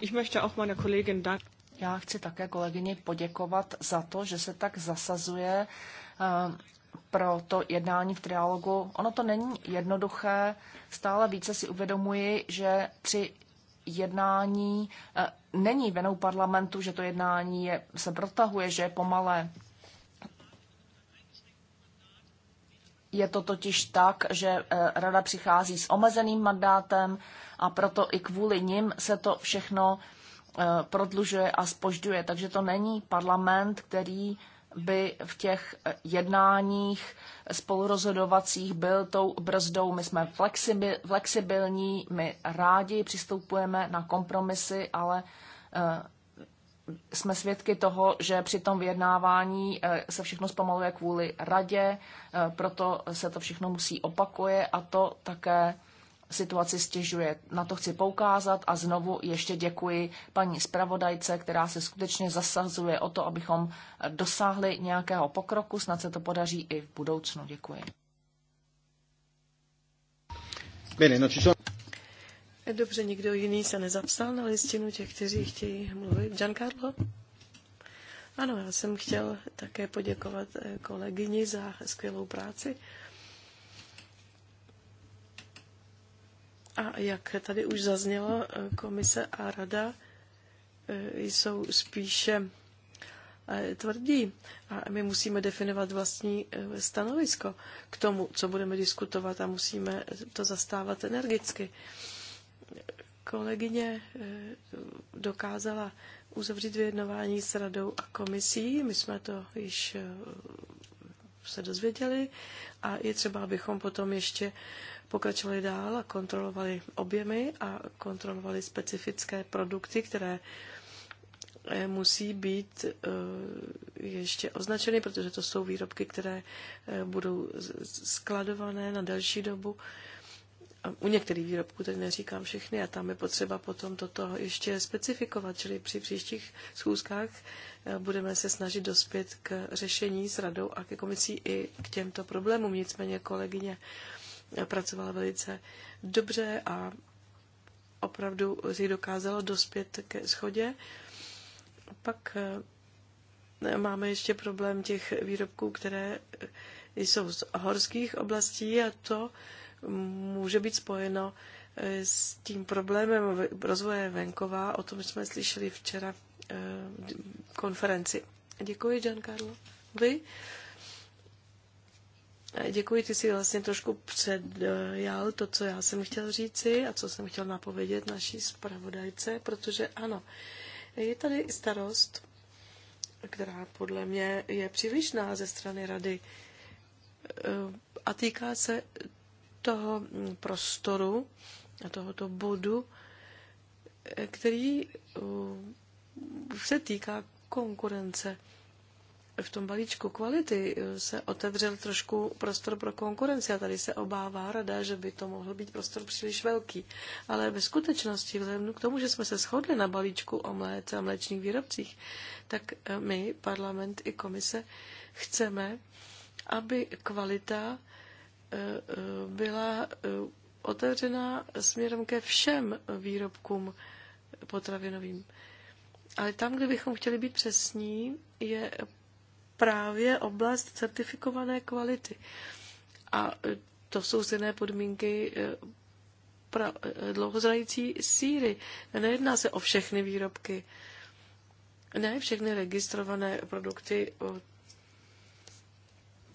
Ich möchte auch meiner Kollegin danken. Já chci také kolegyni poděkovat za to, že se tak zasazuje e, pro to jednání v trialogu. Ono to není jednoduché. Stále více si uvědomuji, že při jednání e, není venou parlamentu, že to jednání je, se protahuje, že je pomalé. Je to totiž tak, že eh, rada přichází s omezeným mandátem a proto i kvůli nim se to všechno eh, prodlužuje a spožďuje. Takže to není parlament, který by v těch eh, jednáních spolurozhodovacích byl tou brzdou. My jsme flexibilní, my rádi přistupujeme na kompromisy, ale jsme svědky toho, že při tom vyjednávání eh, se všechno zpomaluje kvůli radě, eh, proto se to všechno musí opakuje a to také situaci stěžuje. Na to chci poukázat a znovu ještě děkuji paní zpravodajce, která se skutečně zasazuje o to, abychom dosáhli nějakého pokroku. Snad se to podaří i v budoucnu. Děkuji. Bene, no, Dobře, nikdo jiný se nezapsal na listinu těch, kteří chtějí mluvit. Giancarlo? Ano, já jsem chtěl také poděkovat eh, kolegyni za skvělou práci. A jak tady už zaznělo, eh, komise a rada eh, jsou spíše tvrdí a my musíme definovat vlastní stanovisko k tomu, co budeme diskutovat a musíme to zastávat energicky kolegyně eh, dokázala uzavřít vyjednování s radou a komisí. My jsme to již eh, se dozvěděli a je třeba, abychom potom ještě pokračovali dál a kontrolovali objemy a kontrolovali specifické produkty, které eh, musí být ještě označeny, protože to jsou výrobky, které budou skladované na delší dobu u některých výrobků, tady neříkám všechny, a tam je potřeba potom toto ještě specifikovat, čili při příštích schůzkách eh, budeme se snažit dospět k řešení s radou a ke komisí i k těmto problémům. Nicméně kolegyně eh, pracovala velice dobře a opravdu si dokázala dospět ke schodě. Pak eh, máme ještě problém těch výrobků, které jsou z horských oblastí a to může být spojeno eh, s tím problémem rozvoje venkova, o tom jsme slyšeli včera eh, konferenci. Děkuji, Giancarlo. Vy? Eh, děkuji, ty si vlastně trošku předjal to, co já jsem chtěl říci a co jsem chtěl napovědět naší zpravodajce, protože ano, je tady starost, která podle mě je přílišná ze strany rady a týká se toho prostoru a tohoto bodu, který eh, se týká konkurence. V tom balíčku kvality eh, se otevřel trošku prostor pro konkurenci a tady se obává rada, že by to mohl být prostor příliš velký. Ale ve skutečnosti, vzhledem k tomu, že jsme se shodli na balíčku o mléce a mléčných výrobcích, tak eh, my, parlament i komise, chceme, aby kvalita Eh, eh, byla eh, otevřena směrem ke všem výrobkům potravinovým. Ale tam, kde bychom chtěli být přesní, je právě oblast certifikované kvality. A to jsou stejné podmínky pra, dlouhozrající síry. Nejedná se o všechny výrobky. Ne všechny registrované produkty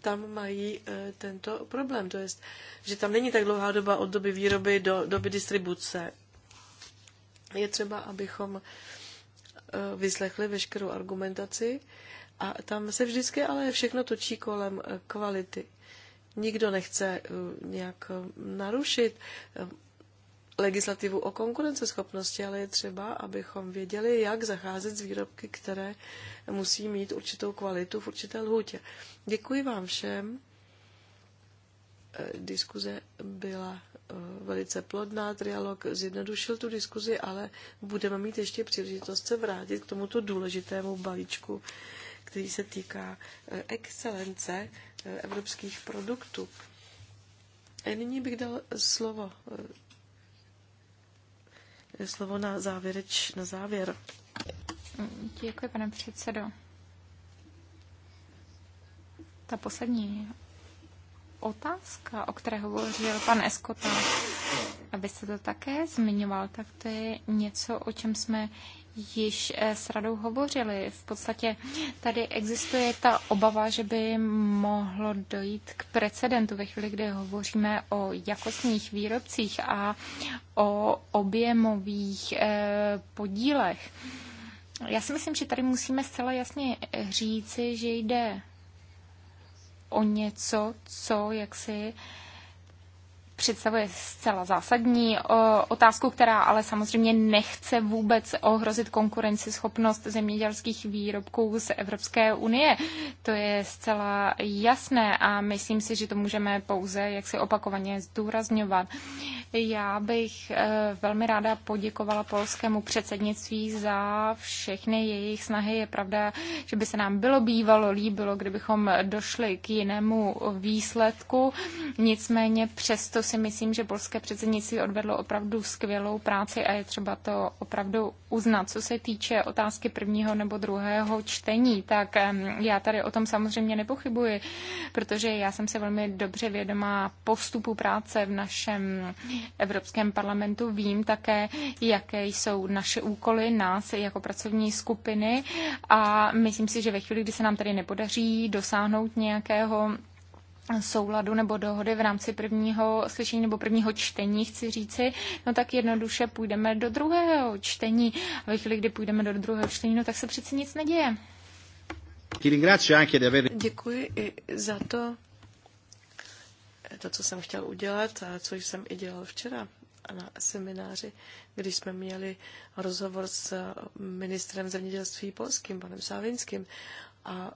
tam mají eh, tento problém, to je, že tam není tak dlouhá doba od doby výroby do doby distribuce. Je třeba, abychom eh, vyslechli veškerou argumentaci a tam se vždycky ale všechno točí kolem eh, kvality. Nikdo nechce nějak narušit legislativu o konkurenceschopnosti, ale je třeba, abychom věděli, jak zacházet s výrobky, které musí mít určitou kvalitu v určité lhůtě. Děkuji vám všem. Eh, diskuze byla eh, velice plodná, trialog zjednodušil tu diskuzi, ale budeme mít ještě příležitost se vrátit k tomuto důležitému balíčku, který se týká eh, excelence evropských produktů. Nyní bych dal slovo slovo na, závěreč, na závěr. Děkuji, pane předsedo. Ta poslední otázka, o které hovořil pan Eskota, abyste to také zmiňoval, tak to je něco, o čem jsme již eh, s radou hovořili. V podstatě tady existuje ta obava, že by mohlo dojít k precedentu ve chvíli, kdy hovoříme o jakostních výrobcích a o objemových eh, podílech. Já si myslím, že tady musíme zcela jasně říci, že jde o něco, co jaksi představuje zcela zásadní otázku, která ale samozřejmě nechce vůbec ohrozit konkurenceschopnost zemědělských výrobků z Evropské unie. To je zcela jasné a myslím si, že to můžeme pouze jak se opakovaně zdůrazňovat. Já bych e, velmi ráda poděkovala polskému předsednictví za všechny jejich snahy. Je pravda, že by se nám bylo bývalo líbilo, kdybychom došli k jinému výsledku. Nicméně přesto si myslím, že polské předsednictví odvedlo opravdu skvělou práci a je třeba to opravdu uznat. Co se týče otázky prvního nebo druhého čtení, tak já tady o tom samozřejmě nepochybuji, protože já jsem se velmi dobře vědomá postupu práce v našem Evropském parlamentu. Vím také, jaké jsou naše úkoly, nás jako pracovní skupiny a myslím si, že ve chvíli, kdy se nám tady nepodaří dosáhnout nějakého souladu nebo dohody v rámci prvního slyšení nebo prvního čtení, chci říci, no tak jednoduše půjdeme do druhého čtení. A ve chvíli, kdy půjdeme do druhého čtení, no tak se přeci nic neděje. Děkuji i za to, to, co jsem chtěl udělat a co jsem i dělal včera na semináři, když jsme měli rozhovor s ministrem zemědělství polským, panem Sávinským, a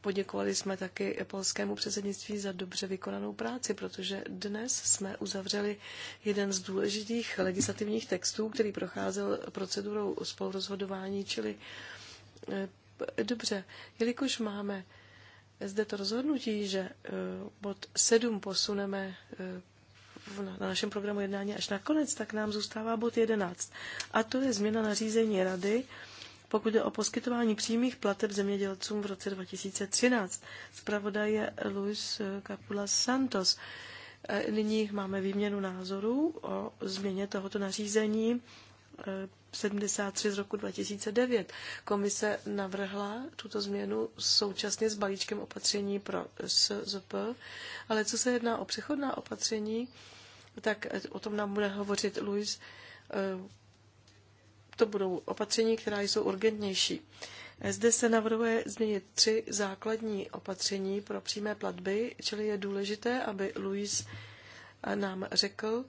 Poděkovali jsme taky polskému předsednictví za dobře vykonanou práci, protože dnes jsme uzavřeli jeden z důležitých legislativních textů, který procházel procedurou spolurozhodování, čili eh, dobře, jelikož máme zde to rozhodnutí, že eh, bod 7 posuneme eh, na našem programu jednání až na konec, tak nám zůstává bod 11. A to je změna nařízení Rady pokud je o poskytování přímých plateb zemědělcům v roce 2013. Zpravodaj je Luis Capula Santos. E, nyní máme výměnu názorů o změně tohoto nařízení 73 e, z roku 2009. Komise navrhla tuto změnu současně s balíčkem opatření pro SZP, ale co se jedná o přechodná opatření, tak o tom nám bude hovořit Luis e, to budou opatření, která jsou urgentnější. Zde se navrhuje změnit tři základní opatření pro přímé platby, čili je důležité, aby Luis nám řekl,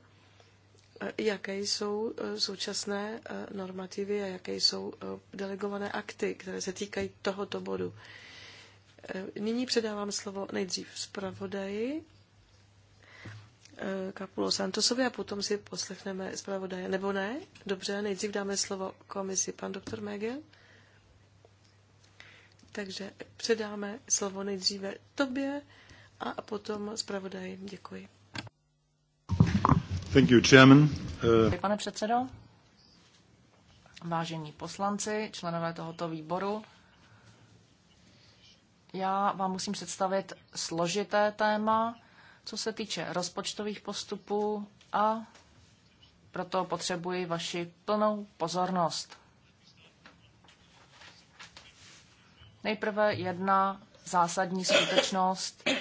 jaké jsou eh, současné eh, normativy a jaké jsou eh, delegované akty, které se týkají tohoto bodu. Nyní předávám slovo nejdřív zpravodaji Kapulo eh, Santosovi a potom si poslechneme zpravodaje. Nebo ne? Dobře, nejdřív dáme slovo komisi. Pan doktor Megel? Takže předáme slovo nejdříve tobě a potom zpravodaji. Děkuji. Thank you, Chairman. Uh... Pane předsedo, vážení poslanci, členové tohoto výboru, já vám musím představit složité téma, co se týče rozpočtových postupů a proto potřebuji vaši plnou pozornost. Nejprve jedna zásadní skutečnost. Eh,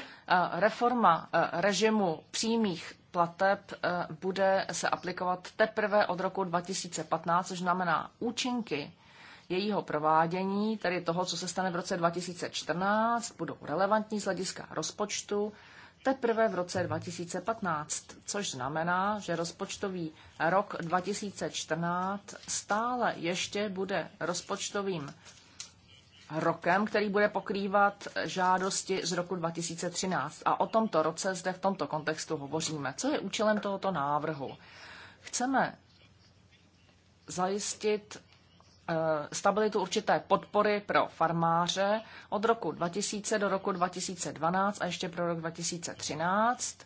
reforma eh, režimu přímých plateb eh, bude se aplikovat teprve od roku 2015, což znamená účinky jejího provádění, tedy toho, co se stane v roce 2014, budou relevantní z hlediska rozpočtu teprve v roce 2015, což znamená, že rozpočtový rok 2014 stále ještě bude rozpočtovým rokem, který bude pokrývat žádosti z roku 2013. A o tomto roce zde v tomto kontextu hovoříme. Co je účelem tohoto návrhu? Chceme zajistit Eh, stabilitu určité podpory pro farmáře od roku 2000 do roku 2012 a ještě pro rok 2013.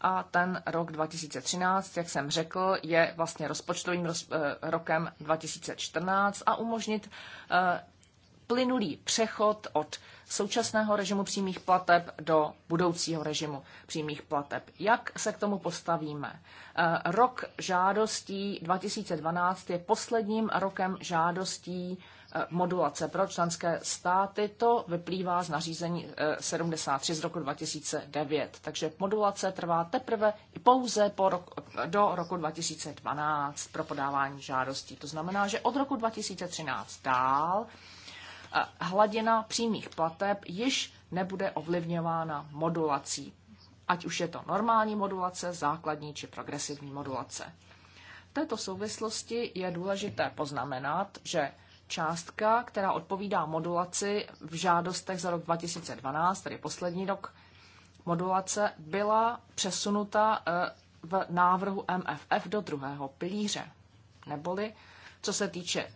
A ten rok 2013, jak jsem řekl, je vlastně rozpočtovým roz, eh, rokem 2014 a umožnit eh, plynulý přechod od současného režimu přímých plateb do budoucího režimu přímých plateb. Jak se k tomu postavíme? Eh, rok žádostí 2012 je posledním rokem žádostí eh, modulace pro členské státy. To vyplývá z nařízení 73 eh, z roku 2009. Takže modulace trvá teprve pouze po rok, do roku 2012 pro podávání žádostí. To znamená, že od roku 2013 dál hladina přímých plateb již nebude ovlivňována modulací, ať už je to normální modulace, základní či progresivní modulace. V této souvislosti je důležité poznamenat, že částka, která odpovídá modulaci v žádostech za rok 2012, tedy poslední rok modulace, byla přesunuta eh, v návrhu MFF do druhého pilíře. Neboli, co se týče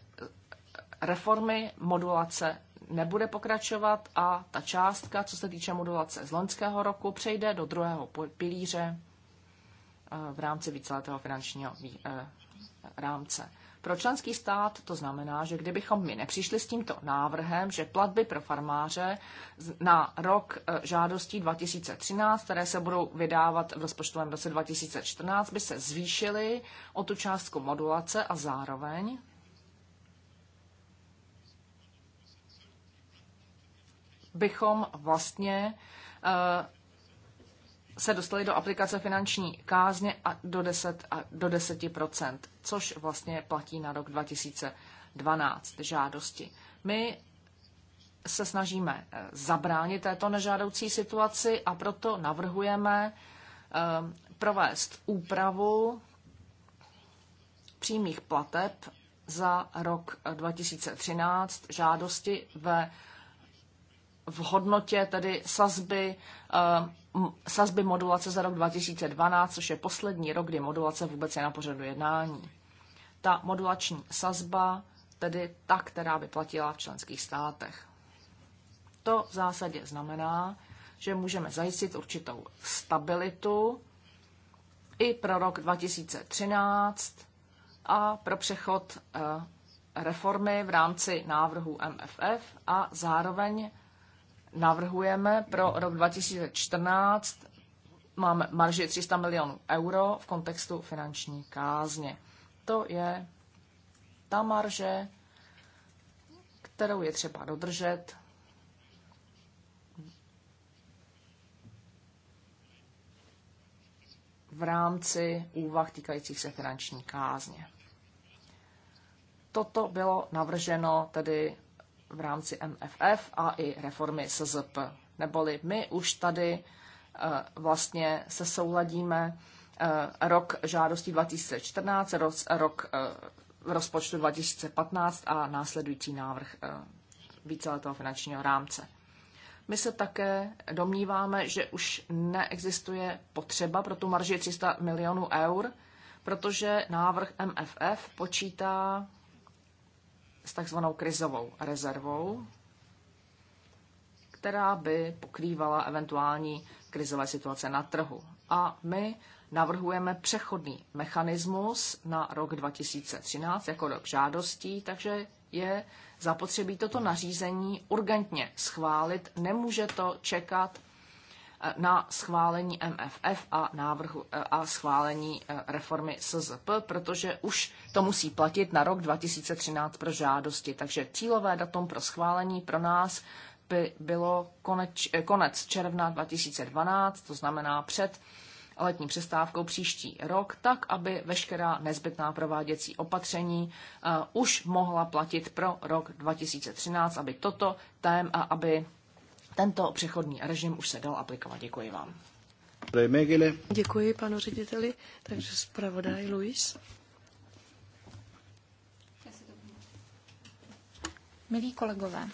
reformy modulace nebude pokračovat a ta částka, co se týče modulace z loňského roku, přejde do druhého pilíře eh, v rámci víceletého finančního eh, rámce. Pro členský stát to znamená, že kdybychom my nepřišli s tímto návrhem, že platby pro farmáře na rok eh, žádostí 2013, které se budou vydávat v rozpočtovém roce 2014, by se zvýšily o tu částku modulace a zároveň bychom vlastně eh, se dostali do aplikace finanční kázně a do 10, a do 10 což vlastně platí na rok 2012 žádosti. My se snažíme eh, zabránit této nežádoucí situaci a proto navrhujeme eh, provést úpravu přímých plateb za rok 2013 žádosti ve v hodnotě tedy sazby, eh, sazby modulace za rok 2012, což je poslední rok, kdy modulace vůbec je na pořadu jednání. Ta modulační sazba, tedy ta, která by platila v členských státech. To v zásadě znamená, že můžeme zajistit určitou stabilitu i pro rok 2013 a pro přechod eh, reformy v rámci návrhu MFF a zároveň navrhujeme pro rok 2014 máme marži 300 milionů euro v kontextu finanční kázně. To je ta marže, kterou je třeba dodržet. v rámci úvah týkajících se finanční kázně. Toto bylo navrženo tedy v rámci MFF a i reformy SZP. Neboli my už tady eh, vlastně se souladíme eh, rok žádostí 2014, rok eh, rozpočtu 2015 a následující návrh víceletého finančního rámce. My se také domníváme, že už neexistuje potřeba pro tu marži 300 milionů eur, protože návrh MFF počítá s takzvanou krizovou rezervou, která by pokrývala eventuální krizové situace na trhu. A my navrhujeme přechodný mechanismus na rok 2013 jako rok žádostí, takže je zapotřebí toto nařízení urgentně schválit. Nemůže to čekat Eh, na schválení MFF a, návrhu, eh, a schválení eh, reformy SZP, protože už to musí platit na rok 2013 pro žádosti. Takže cílové datum pro schválení pro nás by bylo koneč, konec června 2012, to znamená před letní přestávkou příští rok, tak aby veškerá nezbytná prováděcí opatření uh, už mohla platit pro rok 2013, aby toto tém a aby tento přechodní režim už se dal aplikovat. Děkuji vám. Děkuji panu řediteli. Takže zpravodaj Luis. Milí kolegové,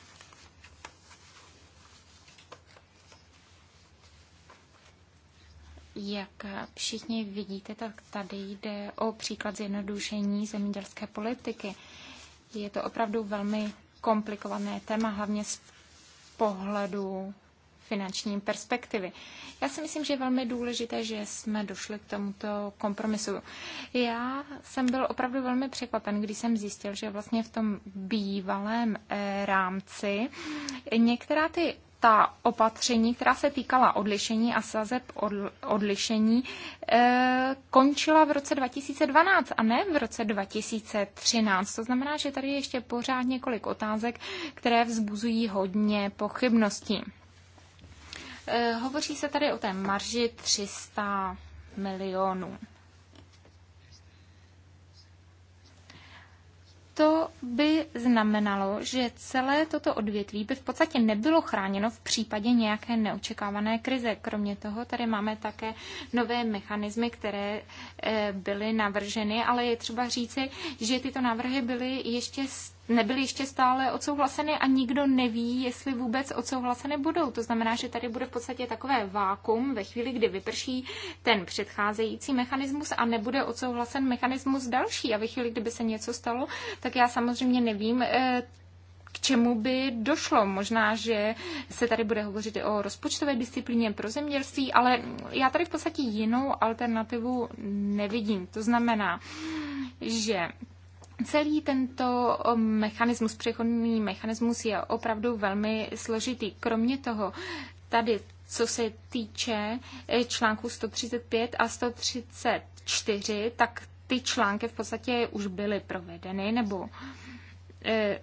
Jak všichni vidíte, tak tady jde o příklad zjednodušení zemědělské politiky. Je to opravdu velmi komplikované téma, hlavně z pohledu finanční perspektivy. Já si myslím, že je velmi důležité, že jsme došli k tomuto kompromisu. Já jsem byl opravdu velmi překvapen, když jsem zjistil, že vlastně v tom bývalém eh, rámci některá ty ta opatření, která se týkala odlišení a sazeb odlišení, eh, končila v roce 2012 a ne v roce 2013. To znamená, že tady je ještě pořád několik otázek, které vzbuzují hodně pochybností. Eh, hovoří se tady o té marži 300 milionů. to by znamenalo, že celé toto odvětví by v podstatě nebylo chráněno v případě nějaké neočekávané krize. Kromě toho tady máme také nové mechanismy, které eh, byly navrženy, ale je třeba říci, že tyto návrhy byly ještě nebyly ještě stále odsouhlaseny a nikdo neví, jestli vůbec odsouhlaseny budou. To znamená, že tady bude v podstatě takové vákum ve chvíli, kdy vyprší ten předcházející mechanismus a nebude odsouhlasen mechanismus další. A ve chvíli, kdyby se něco stalo, tak já samozřejmě nevím, eh, k čemu by došlo. Možná, že se tady bude hovořit o rozpočtové disciplíně pro zemědělství, ale já tady v podstatě jinou alternativu nevidím. To znamená, že Celý tento mechanismus, přechodný mechanismus je opravdu velmi složitý. Kromě toho, tady co se týče e, článku 135 a 134, tak ty články v podstatě už byly provedeny, nebo e,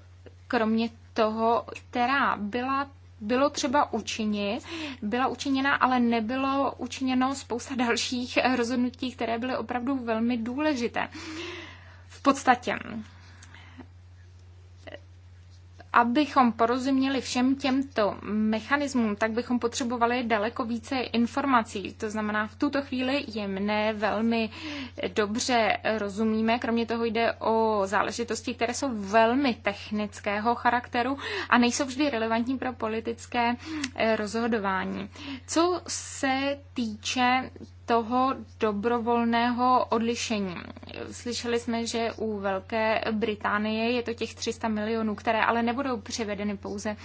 kromě toho, která byla bylo třeba učinit, byla učiněna, ale nebylo učiněno spousta dalších rozhodnutí, které byly opravdu velmi důležité podstatě abychom porozuměli všem těmto mechanismům, tak bychom potřebovali daleko více informací. To znamená, v tuto chvíli jim ne velmi dobře rozumíme. Kromě toho jde o záležitosti, které jsou velmi technického charakteru a nejsou vždy relevantní pro politické eh, rozhodování. Co se týče toho dobrovolného odlišení. Slyšeli jsme, že u Velké Británie je to těch 300 milionů, které ale nebudou přivedeny pouze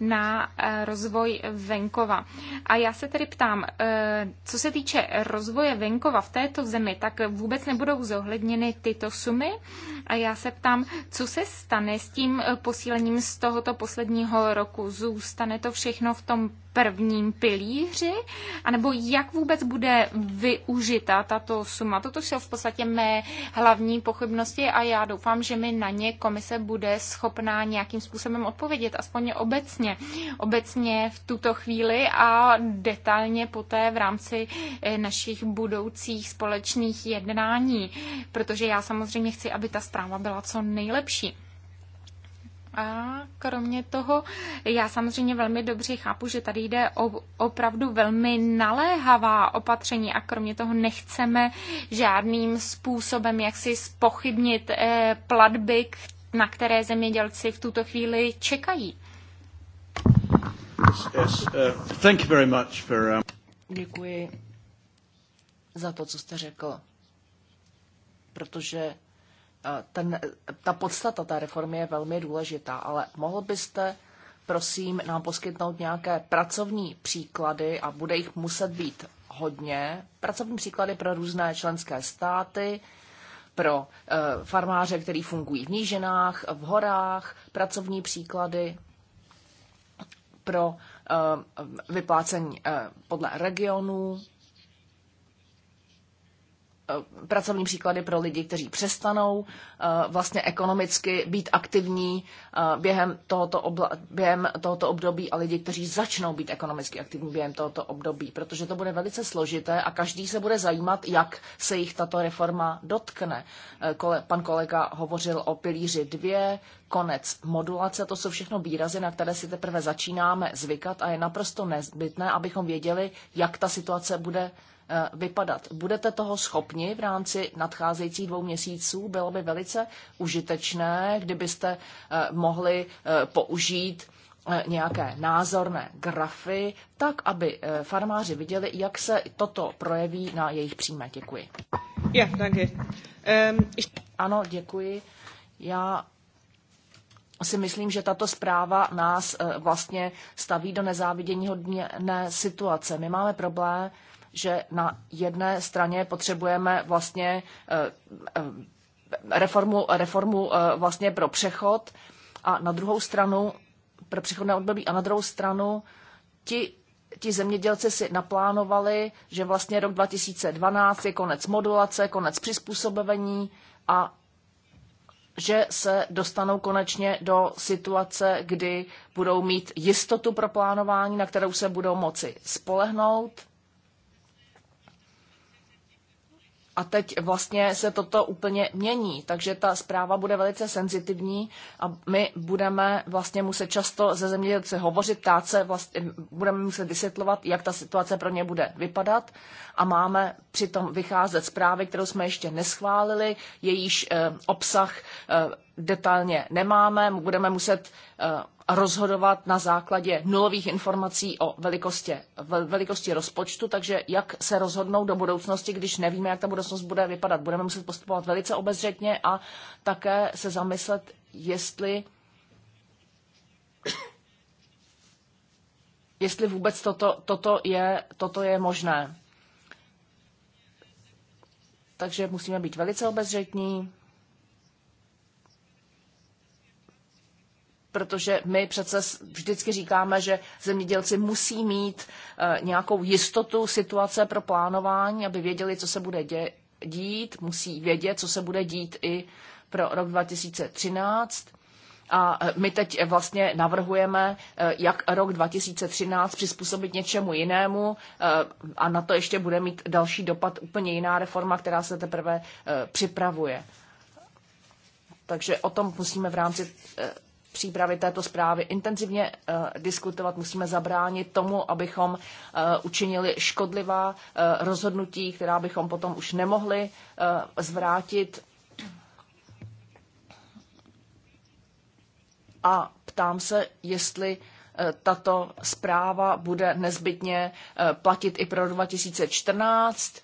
na eh, rozvoj venkova. A já se tedy ptám, eh, co se týče rozvoje venkova v této zemi, tak vůbec nebudou zohledněny tyto sumy. A já se ptám, co se stane s tím eh, posílením z tohoto posledního roku? Zůstane to všechno v tom prvním pilíři, anebo jak vůbec bude využita tato suma. Toto jsou v podstatě mé hlavní pochybnosti a já doufám, že mi na ně komise bude schopná nějakým způsobem odpovědět, aspoň obecně. Obecně v tuto chvíli a detailně poté v rámci eh, našich budoucích společných jednání, protože já samozřejmě chci, aby ta zpráva byla co nejlepší. A kromě toho, já samozřejmě velmi dobře chápu, že tady jde o opravdu velmi naléhavá opatření a kromě toho nechceme žádným způsobem jaksi spochybnit eh, platby, na které zemědělci v tuto chvíli čekají. Uh, thank you very much for, um, Děkuji za to, co jste řekl, protože Eh, ten, ta podstata té reformy je velmi důležitá, ale mohl byste prosím nám poskytnout nějaké pracovní příklady a bude jich muset být hodně. Pracovní příklady pro různé členské státy, pro eh, farmáře, který fungují v nížinách, v horách, pracovní příklady pro eh, vyplácení podle regionů, Eh, pracovní příklady pro lidi, kteří přestanou eh, vlastně ekonomicky být aktivní eh, během tohoto, obla, během tohoto období a lidi, kteří začnou být ekonomicky aktivní během tohoto období, protože to bude velice složité a každý se bude zajímat, jak se jich tato reforma dotkne. Kole, pan kolega hovořil o pilíři dvě, konec modulace, to jsou všechno výrazy, na které si teprve začínáme zvykat a je naprosto nezbytné, abychom věděli, jak ta situace bude Eh, vypadat. Budete toho schopni v rámci nadcházejících dvou měsíců? Bylo by velice užitečné, kdybyste eh, mohli eh, použít nějaké názorné grafy, tak aby farmáři viděli, jak se toto projeví na jejich příjme. Děkuji. Ja, danke. Um, ich... Ano, děkuji. Já si myslím, že tato zpráva nás vlastně staví do nezáviděního situace. My máme problém, že na jedné straně potřebujeme vlastně eh, eh, reformu, reformu eh, vlastně pro přechod a na druhou stranu pro přechodné období a na druhou stranu ti ti zemědělci si naplánovali, že vlastně rok 2012 je konec modulace, konec přizpůsobení a že se dostanou konečně do situace, kdy budou mít jistotu pro plánování, na kterou se budou moci spolehnout A teď vlastně se toto úplně mění, takže ta zpráva bude velice senzitivní a my budeme vlastně muset často ze zemědělce hovořit, ptát se, vlastně, budeme muset vysvětlovat, jak ta situace pro ně bude vypadat a máme přitom vycházet zprávy, kterou jsme ještě neschválili, jejíž eh, obsah eh, detailně nemáme, budeme muset eh, rozhodovat na základě nulových informací o velikosti, velikosti rozpočtu, takže jak se rozhodnou do budoucnosti, když nevíme, jak ta budoucnost bude vypadat. Budeme muset postupovat velice obezřetně a také se zamyslet, jestli jestli vůbec toto, toto, je, toto je možné. Takže musíme být velice obezřetní protože my přece vždycky říkáme, že zemědělci musí mít eh, nějakou jistotu situace pro plánování, aby věděli, co se bude dít, musí vědět, co se bude dít i pro rok 2013. A eh, my teď vlastně navrhujeme, eh, jak rok 2013 přizpůsobit něčemu jinému a na to ještě bude mít další dopad úplně jiná reforma, která se teprve připravuje. Takže o tom musíme v rámci přípravy této zprávy intenzivně eh, diskutovat. Musíme zabránit tomu, abychom eh, učinili škodlivá eh, rozhodnutí, která bychom potom už nemohli zvrátit. A ptám se, jestli tato zpráva bude nezbytně platit i pro 2014,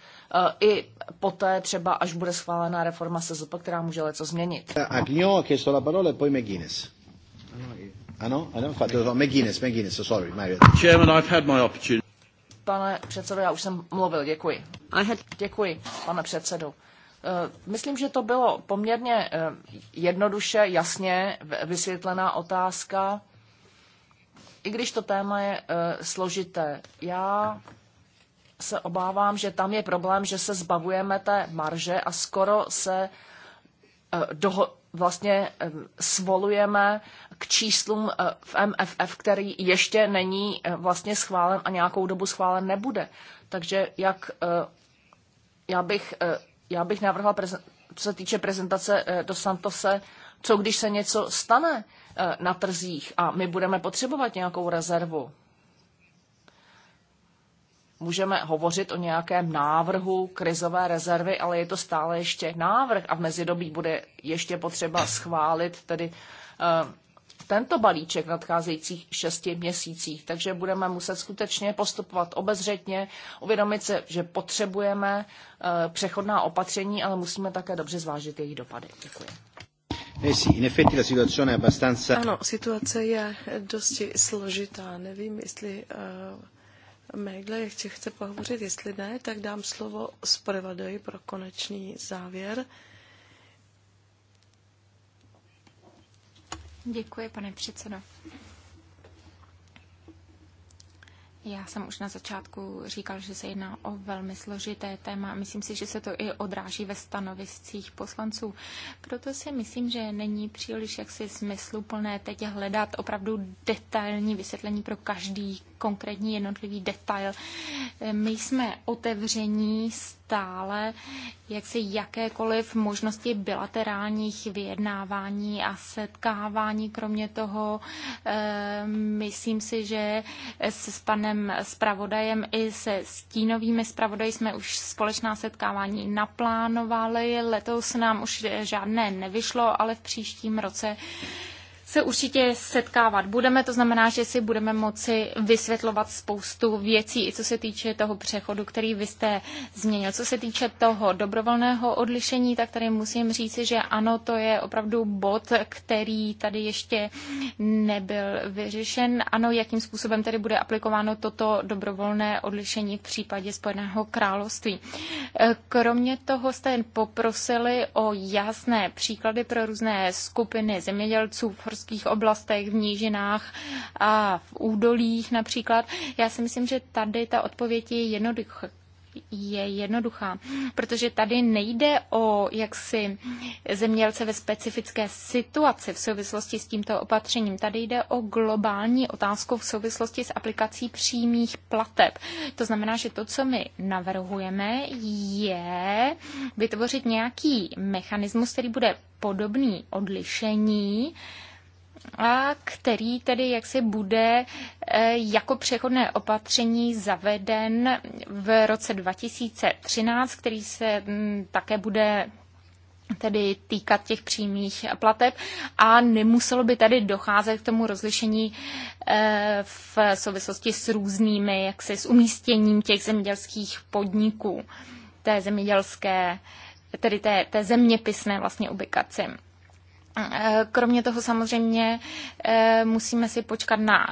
i poté třeba, až bude schválená reforma SZP, která může leco změnit. Agnio, chiesto la parola, poi McGuinness. Ah, no? Ah, no, McGuinness, McGuinness, sorry, Chairman, I've had my opportunity. Pane předsedo, já už jsem mluvil, děkuji. I had... Děkuji, pane předsedo. Eh, myslím, že to bylo poměrně eh, jednoduše, jasně vysvětlená otázka, i když to téma je eh, složité. Já se obávám, že tam je problém, že se zbavujeme té marže a skoro se doho- vlastně svolujeme k číslům e, v MFF, který ještě není e, vlastně schválen a nějakou dobu schválen nebude. Takže jak e, já bych, já bych navrhla, co se týče prezentace do Santose, co když se něco stane na trzích a my budeme potřebovat nějakou rezervu můžeme hovořit o nějakém návrhu krizové rezervy, ale je to stále ještě návrh a v mezidobí bude ještě potřeba schválit tedy eh, tento balíček v nadcházejících šesti měsících. Takže budeme muset skutečně postupovat obezřetně, uvědomit se, že potřebujeme eh, přechodná opatření, ale musíme také dobře zvážit jejich dopady. Děkuji. Eh ano, situace je dosti složitá. Nevím, jestli uh Megle ještě chce pohovořit, jestli ne, tak dám slovo zpravodaji pro konečný závěr. Děkuji, pane předsedo. Já jsem už na začátku říkal, že se jedná o velmi složité téma. Myslím si, že se to i odráží ve stanoviscích poslanců. Proto si myslím, že není příliš jaksi smysluplné teď hledat opravdu detailní vysvětlení pro každý konkrétní jednotlivý detail. My jsme otevření stále jaksi jakékoliv možnosti bilaterálních vyjednávání a setkávání. Kromě toho, eh, myslím si, že s panem panem zpravodajem i se stínovými zpravodaji jsme už společná setkávání naplánovali. Letos nám už žádné nevyšlo, ale v příštím roce se určitě setkávat budeme, to znamená, že si budeme moci vysvětlovat spoustu věcí, i co se týče toho přechodu, který vy jste změnil. Co se týče toho dobrovolného odlišení, tak tady musím říci, že ano, to je opravdu bod, který tady ještě nebyl vyřešen. Ano, jakým způsobem tedy bude aplikováno toto dobrovolné odlišení v případě Spojeného království. E, kromě toho jste poprosili o jasné příklady pro různé skupiny zemědělců, horských oblastech, v nížinách a v údolích například. Já si myslím, že tady ta odpověď je jednoduchá je jednoduchá, protože tady nejde o jaksi zemědělce ve specifické situaci v souvislosti s tímto opatřením. Tady jde o globální otázku v souvislosti s aplikací přímých plateb. To znamená, že to, co my navrhujeme, je vytvořit nějaký mechanismus, který bude podobný odlišení, a který tedy jaksi bude eh, jako přechodné opatření zaveden v roce 2013, který se mm, také bude tedy týkat těch přímých plateb a nemuselo by tady docházet k tomu rozlišení eh, v souvislosti s různými, jak se s umístěním těch zemědělských podniků, té zemědělské, tedy té, té zeměpisné vlastně ubikace. Eh, kromě toho samozřejmě eh, musíme si počkat na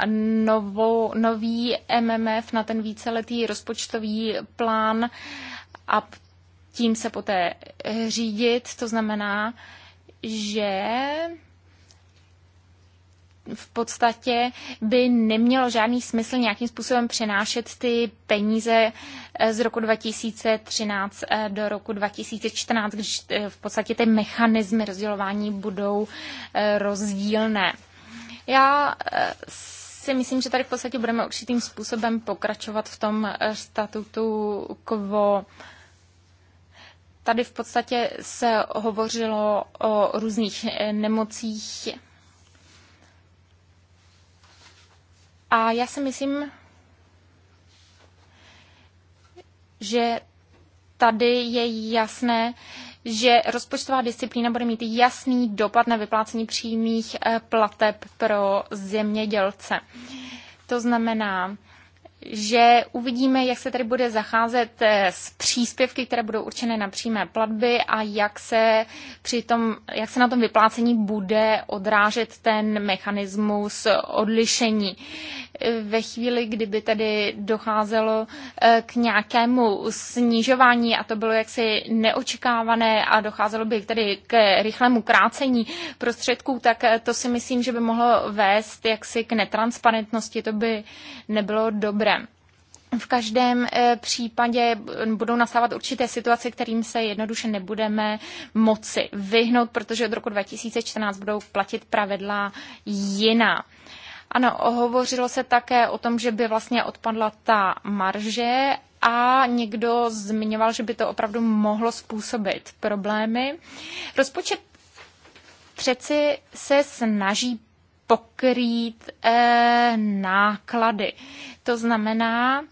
novou, nový MMF, na ten víceletý rozpočtový plán a tím se poté řídit. To znamená, že v podstatě by nemělo žádný smysl nějakým způsobem přenášet ty peníze eh, z roku 2013 eh, do roku 2014, když eh, v podstatě ty mechanismy rozdělování budou rozdílné. Já si myslím, že tady v podstatě budeme určitým způsobem pokračovat v tom statutu quo. Tady v podstatě se hovořilo o různých nemocích A já si myslím, že tady je jasné, že rozpočtová disciplína bude mít jasný dopad na vyplácení přímých eh, plateb pro zemědělce. To znamená, že uvidíme, jak se tady bude zacházet eh, s příspěvky, které budou určeny na přímé platby a jak se, při tom, jak se na tom vyplácení bude odrážet ten mechanismus odlišení ve chvíli, kdyby tady docházelo e, k nějakému snižování a to bylo jaksi neočekávané a docházelo by tedy k rychlému krácení prostředků, tak e, to si myslím, že by mohlo vést jaksi k netransparentnosti, to by nebylo dobré. V každém e, případě budou nastávat určité situace, kterým se jednoduše nebudeme moci vyhnout, protože od roku 2014 budou platit pravidla jiná. Ano, hovořilo se také o tom, že by vlastně odpadla ta marže a někdo zmiňoval, že by to opravdu mohlo způsobit problémy. Rozpočet přeci se snaží pokrýt eh, náklady. To znamená,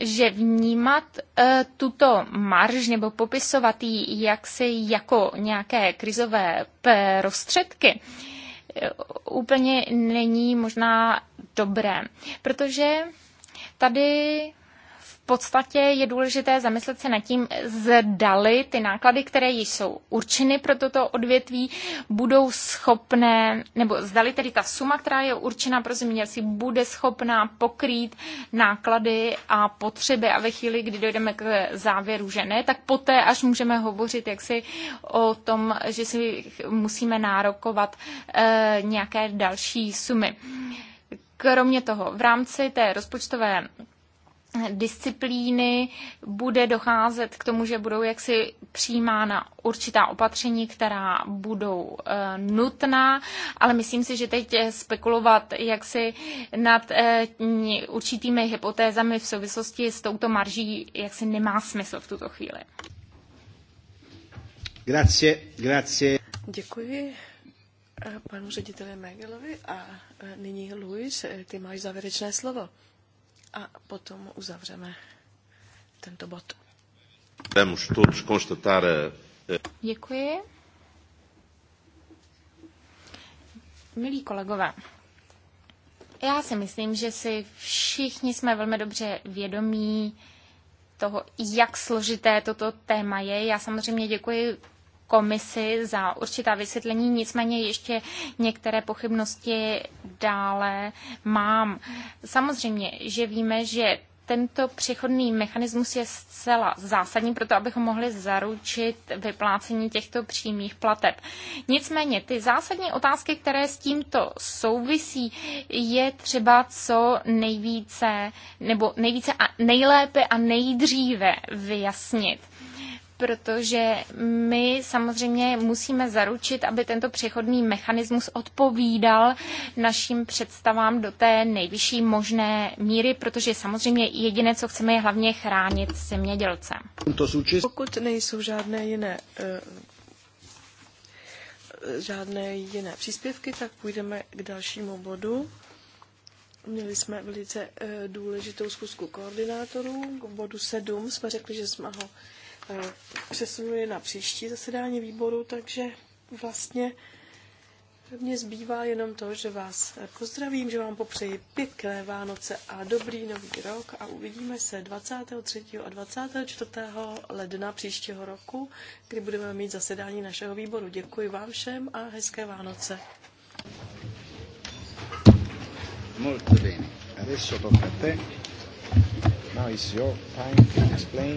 že vnímat eh, tuto marž nebo popisovat ji jaksi jako nějaké krizové prostředky, úplně není možná dobré, protože tady podstatě je důležité zamyslet se nad tím, zdali ty náklady, které již jsou určeny pro toto odvětví, budou schopné, nebo zdali tedy ta suma, která je určena pro zemědělství, bude schopná pokrýt náklady a potřeby a ve chvíli, kdy dojdeme k závěru, že ne, tak poté až můžeme hovořit jaksi o tom, že si musíme nárokovat e, nějaké další sumy. Kromě toho, v rámci té rozpočtové disciplíny bude docházet k tomu, že budou jaksi přijímána určitá opatření, která budou eh, nutná, ale myslím si, že teď eh, spekulovat jaksi nad eh, určitými hypotézami v souvislosti s touto marží jaksi nemá smysl v tuto chvíli. Grazie, grazie. Děkuji panu řediteli Megelovi a nyní Luis, ty máš závěrečné slovo a potom uzavřeme tento bod. Vamos todos constatar Děkuji. Milí kolegové, já si myslím, že si všichni jsme velmi dobře vědomí toho, jak složité toto téma je. Já samozřejmě děkuji komisi za určitá vysvětlení, nicméně ještě některé pochybnosti dále mám. Samozřejmě, že víme, že tento přechodný mechanismus je zcela zásadní pro to, abychom mohli zaručit vyplácení těchto přímých plateb. Nicméně ty zásadní otázky, které s tímto souvisí, je třeba co nejvíce nebo nejvíce a nejlépe a nejdříve vyjasnit protože my samozřejmě musíme zaručit, aby tento přechodný mechanismus odpovídal našim představám do té nejvyšší možné míry, protože samozřejmě jediné, co chceme, je hlavně chránit zemědělce. Pokud nejsou žádné jiné eh, žádné jiné příspěvky, tak půjdeme k dalšímu bodu. Měli jsme velice eh, důležitou zkusku koordinátorů. K bodu 7 jsme řekli, že jsme ho Eh, přesunuli na příští zasedání výboru, takže vlastně mně zbývá jenom to, že vás pozdravím, že vám popřeji pěkné Vánoce a dobrý nový rok a uvidíme se 23. a 24. ledna příštího roku, kdy budeme mít zasedání našeho výboru. Děkuji vám všem a hezké Vánoce. Molto bene. Adesso tocca a te. Now is your time to explain.